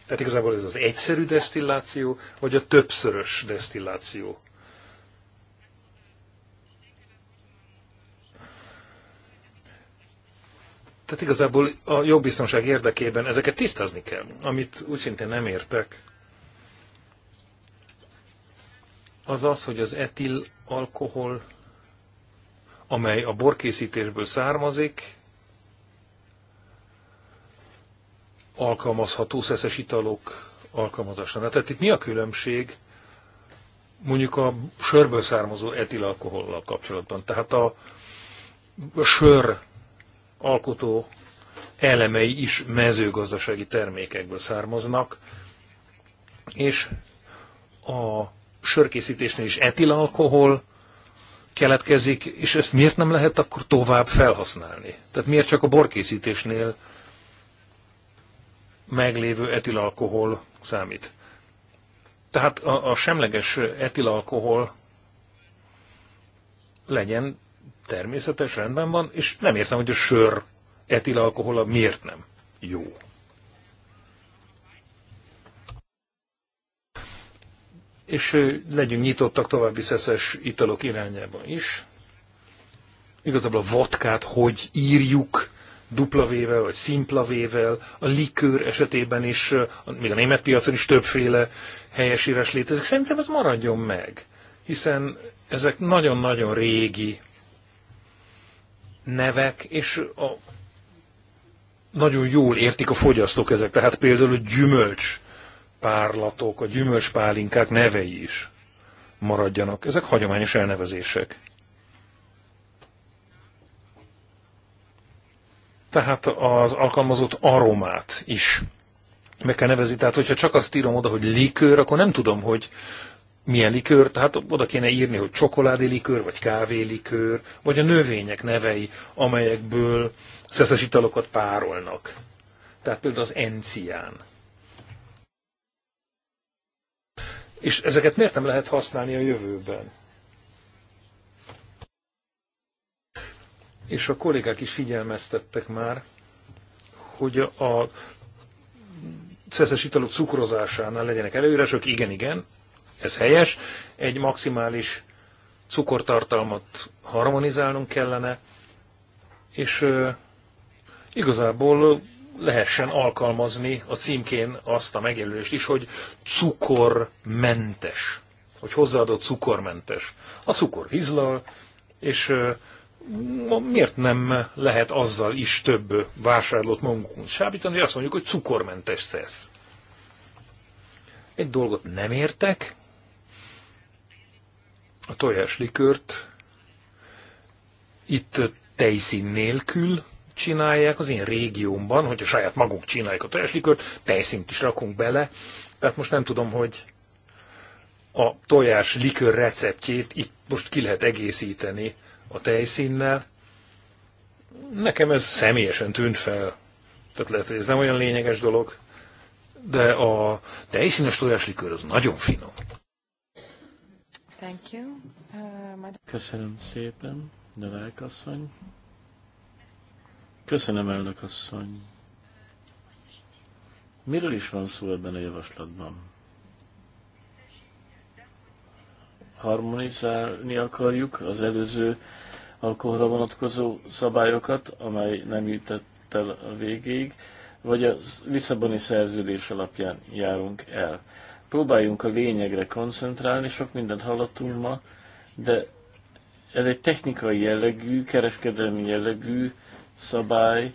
Speaker 2: Tehát igazából ez az egyszerű desztilláció, vagy a többszörös desztilláció? Tehát igazából a jogbiztonság érdekében ezeket tisztázni kell, amit úgy szintén nem értek. Az az, hogy az etil alkohol, amely a borkészítésből származik, alkalmazható szeszes italok Na Tehát itt mi a különbség mondjuk a sörből származó etilalkohollal kapcsolatban? Tehát a, a sör alkotó elemei is mezőgazdasági termékekből származnak, és a sörkészítésnél is etilalkohol keletkezik, és ezt miért nem lehet akkor tovább felhasználni? Tehát miért csak a borkészítésnél meglévő etilalkohol számít. Tehát a, a semleges etilalkohol legyen természetes, rendben van, és nem értem, hogy a sör etilalkohola miért nem jó. És legyünk nyitottak további szeszes italok irányában is. Igazából a vodkát hogy írjuk duplavével vagy szimplavével, a likőr esetében is, még a német piacon is többféle helyesírás létezik. Szerintem ez maradjon meg, hiszen ezek nagyon-nagyon régi nevek, és a, nagyon jól értik a fogyasztók ezek. Tehát például a gyümölcs párlatok, a gyümölcspálinkák nevei is maradjanak. Ezek hagyományos elnevezések. tehát az alkalmazott aromát is meg kell nevezni. Tehát, hogyha csak azt írom oda, hogy likőr, akkor nem tudom, hogy milyen likőr, tehát oda kéne írni, hogy csokoládé likőr, vagy kávé likőr, vagy a növények nevei, amelyekből szeszes italokat párolnak. Tehát például az encián. És ezeket miért nem lehet használni a jövőben? és a kollégák is figyelmeztettek már, hogy a szeszes italok cukrozásánál legyenek előírások, igen, igen, ez helyes, egy maximális cukortartalmat harmonizálnunk kellene, és igazából lehessen alkalmazni a címkén azt a megjelölést is, hogy cukormentes, hogy hozzáadott cukormentes. A cukor hizlal, és miért nem lehet azzal is több vásárlót magunkon sábítani, hogy azt mondjuk, hogy cukormentes szesz. Egy dolgot nem értek, a tojáslikört itt tejszín nélkül csinálják, az én régiómban, hogy a saját maguk csinálják a tojáslikört, tejszínt is rakunk bele, tehát most nem tudom, hogy a tojás likör receptjét itt most ki lehet egészíteni a tejszínnel. Nekem ez személyesen tűnt fel. Tehát lehet, hogy ez nem olyan lényeges dolog, de a
Speaker 3: tejszínes tojáslikőr az nagyon finom.
Speaker 1: Thank you. Uh,
Speaker 3: Köszönöm szépen, Novák asszony. Köszönöm, elnök asszony. Miről is van szó ebben a javaslatban? harmonizálni akarjuk az előző alkoholra vonatkozó szabályokat, amely nem jutott el a végéig, vagy a Lisszaboni szerződés alapján járunk el. Próbáljunk a lényegre koncentrálni, sok mindent hallottunk ma, de ez egy technikai jellegű, kereskedelmi jellegű szabály,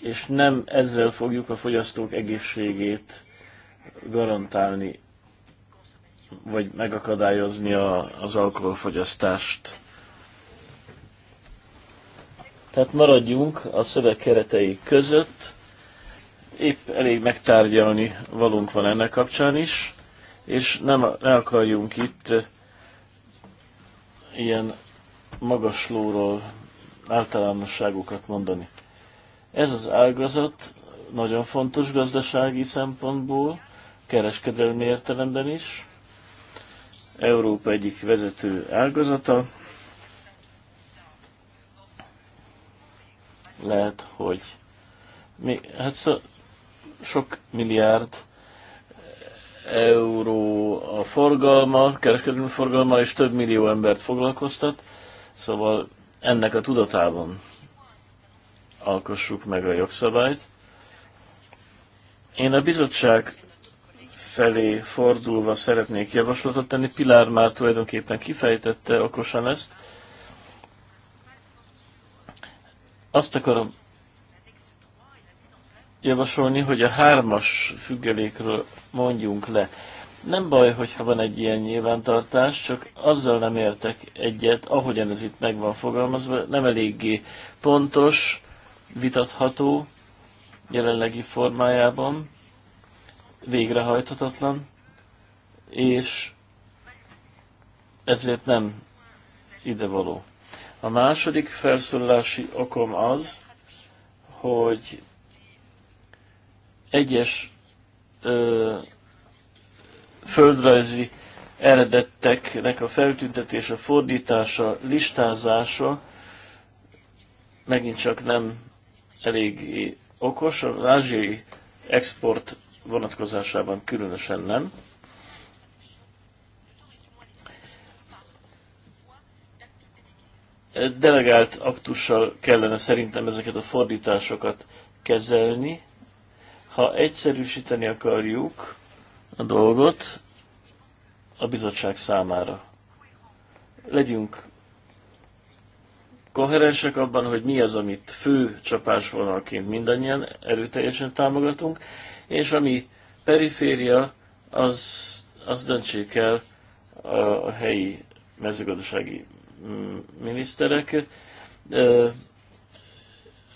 Speaker 3: és nem ezzel fogjuk a fogyasztók egészségét garantálni vagy megakadályozni a, az alkoholfogyasztást. Tehát maradjunk a szöveg keretei között, épp elég megtárgyalni valunk van ennek kapcsán is, és nem, ne akarjunk itt ilyen magaslóról általánosságokat mondani. Ez az ágazat nagyon fontos gazdasági szempontból, kereskedelmi értelemben is, Európa egyik vezető ágazata. Lehet, hogy mi, hát szó, sok milliárd euró a forgalma, kereskedelmi forgalma, és több millió embert foglalkoztat, szóval ennek a tudatában alkossuk meg a jogszabályt. Én a bizottság felé fordulva szeretnék javaslatot tenni. Pilár már tulajdonképpen kifejtette okosan ezt. Azt akarom javasolni, hogy a hármas függelékről mondjunk le. Nem baj, hogyha van egy ilyen nyilvántartás, csak azzal nem értek egyet, ahogyan ez itt meg van fogalmazva, nem eléggé pontos, vitatható jelenlegi formájában végrehajthatatlan, és ezért nem ide való. A második felszólalási okom az, hogy egyes ö, földrajzi eredetteknek a feltüntetése, fordítása, listázása megint csak nem eléggé okos. Az ázsiai export vonatkozásában különösen nem. Delegált aktussal kellene szerintem ezeket a fordításokat kezelni. Ha egyszerűsíteni akarjuk a dolgot a bizottság számára, legyünk koherensek abban, hogy mi az, amit fő csapásvonalként mindannyian erőteljesen támogatunk, és ami periféria, az, az döntsék el a, a helyi mezőgazdasági mm, miniszterek.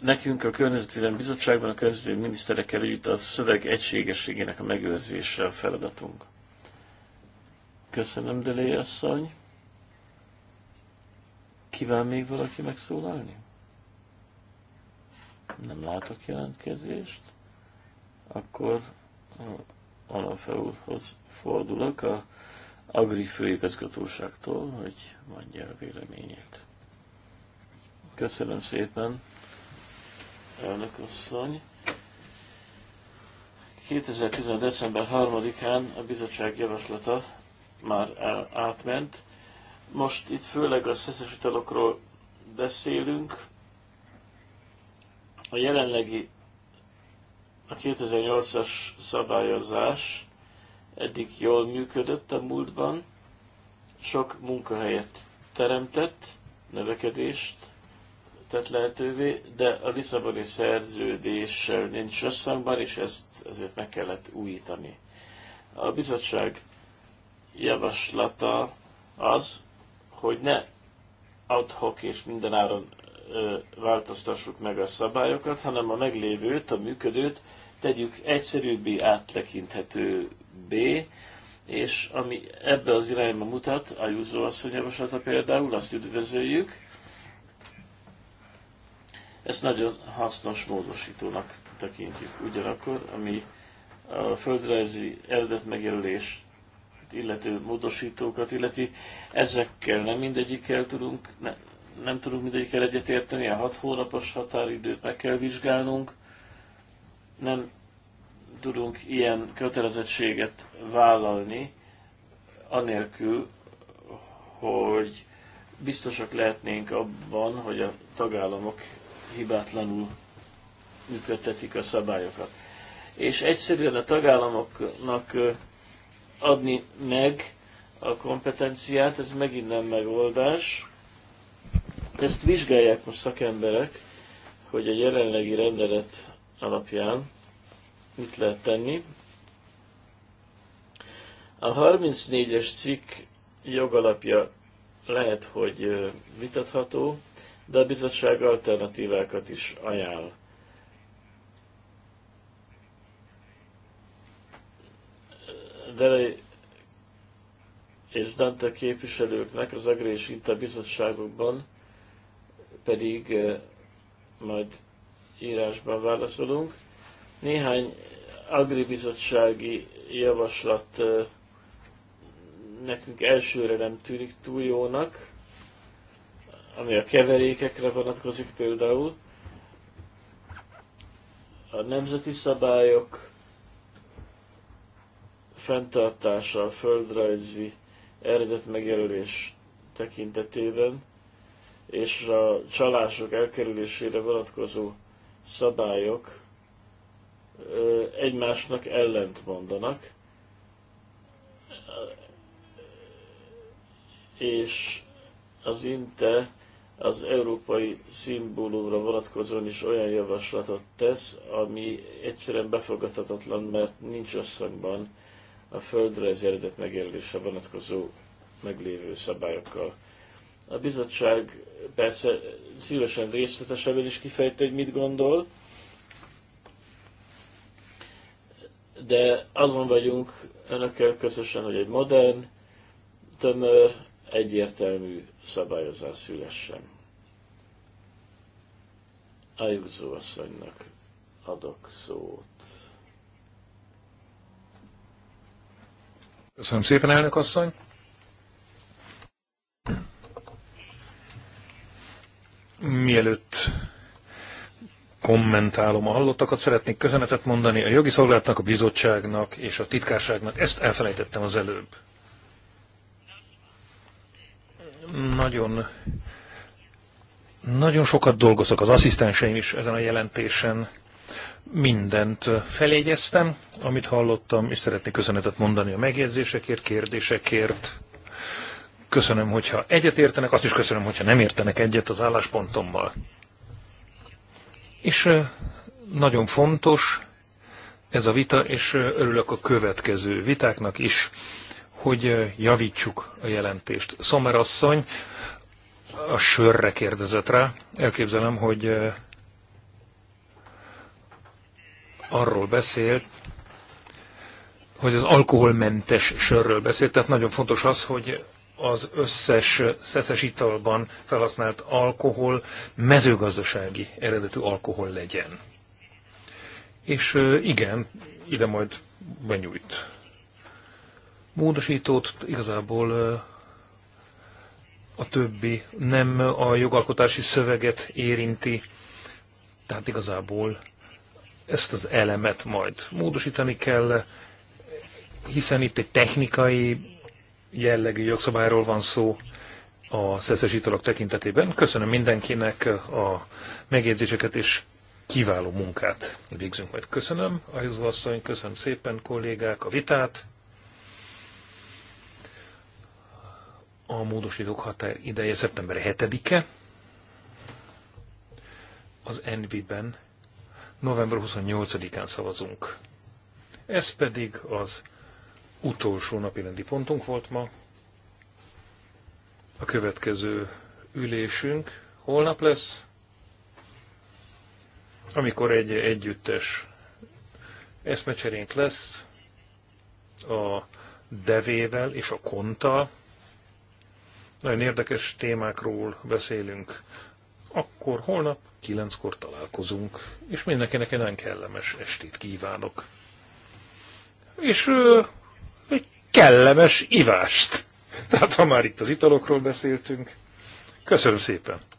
Speaker 3: Nekünk a Környezetvédelmi Bizottságban a környezetvédelmi miniszterekkel együtt a szöveg egységességének a megőrzése a feladatunk. Köszönöm, Delé asszony. Kíván még valaki megszólalni? Nem látok jelentkezést akkor Alanfe úrhoz fordulok a Agri főigazgatóságtól, hogy mondja a véleményét. Köszönöm szépen, elnök asszony. 2010. december 3-án a bizottság javaslata már el, átment. Most itt főleg a szeszes italokról beszélünk. A jelenlegi a 2008-as szabályozás eddig jól működött a múltban, sok munkahelyet teremtett, növekedést tett lehetővé, de a Lisszaboni szerződéssel nincs összhangban, és ezt ezért meg kellett újítani. A bizottság javaslata az, hogy ne adhok és mindenáron változtassuk meg a szabályokat, hanem a meglévőt, a működőt tegyük egyszerűbbé, áttekinthetőbbé, és ami ebbe az irányba mutat, a Júzó asszony javaslata például, azt üdvözöljük, ezt nagyon hasznos módosítónak tekintjük. Ugyanakkor, ami a földrajzi eredet megjelölés illető módosítókat illeti, ezekkel nem mindegyikkel tudunk, ne, nem tudunk mindegyikkel egyetérteni, a hat hónapos határidőt meg kell vizsgálnunk, nem tudunk ilyen kötelezettséget vállalni, anélkül, hogy biztosak lehetnénk abban, hogy a tagállamok hibátlanul működtetik a szabályokat. És egyszerűen a tagállamoknak adni meg a kompetenciát, ez megint nem megoldás. Ezt vizsgálják most szakemberek, hogy a jelenlegi rendelet alapján mit lehet tenni. A 34-es cikk jogalapja lehet, hogy vitatható, de a bizottság alternatívákat is ajánl. Dere és Dante képviselőknek az Agri és Inta bizottságokban pedig majd írásban válaszolunk. Néhány agribizottsági javaslat nekünk elsőre nem tűnik túl jónak, ami a keverékekre vonatkozik például. A nemzeti szabályok fenntartása a földrajzi eredet megjelölés tekintetében és a csalások elkerülésére vonatkozó szabályok egymásnak ellent mondanak, és az INTE az európai szimbólumra vonatkozóan is olyan javaslatot tesz, ami egyszerűen befogadhatatlan, mert nincs összhangban a földrajzi eredet megjelölése vonatkozó meglévő szabályokkal. A bizottság persze szívesen részletesebben is kifejti, hogy mit gondol, de azon vagyunk önökkel közösen, hogy egy modern, tömör, egyértelmű szabályozás szülessen. Ajúzó asszonynak adok szót.
Speaker 2: Köszönöm szépen, elnök asszony! Mielőtt kommentálom a hallottakat, szeretnék köszönetet mondani a jogi szolgálatnak, a bizottságnak és a titkárságnak. Ezt elfelejtettem az előbb. Nagyon, nagyon sokat dolgozok, az asszisztenseim is ezen a jelentésen. Mindent felégyeztem, amit hallottam, és szeretnék köszönetet mondani a megjegyzésekért, kérdésekért köszönöm, hogyha egyet értenek, azt is köszönöm, hogyha nem értenek egyet az álláspontommal. És nagyon fontos ez a vita, és örülök a következő vitáknak is, hogy javítsuk a jelentést. Szomer asszony a sörre kérdezett rá. Elképzelem, hogy arról beszélt, hogy az alkoholmentes sörről beszélt, tehát nagyon fontos az, hogy az összes szeszes italban felhasznált alkohol mezőgazdasági eredetű alkohol legyen. És igen, ide majd benyújt. Módosítót igazából a többi nem a jogalkotási szöveget érinti, tehát igazából ezt az elemet majd módosítani kell, hiszen itt egy technikai jellegű jogszabályról van szó a szeszes italok tekintetében. Köszönöm mindenkinek a megjegyzéseket és kiváló munkát végzünk majd. Köszönöm, A asszony, köszönöm szépen kollégák a vitát. A módosítók határ ideje szeptember 7-e. Az Envi-ben november 28-án szavazunk. Ez pedig az utolsó rendi pontunk volt ma. A következő ülésünk holnap lesz, amikor egy együttes eszmecserénk lesz a devével és a konta. Nagyon érdekes témákról beszélünk. Akkor holnap kilenckor találkozunk, és mindenkinek egy nagyon kellemes estét kívánok. És egy kellemes ivást. Tehát ha már itt az italokról beszéltünk, köszönöm szépen!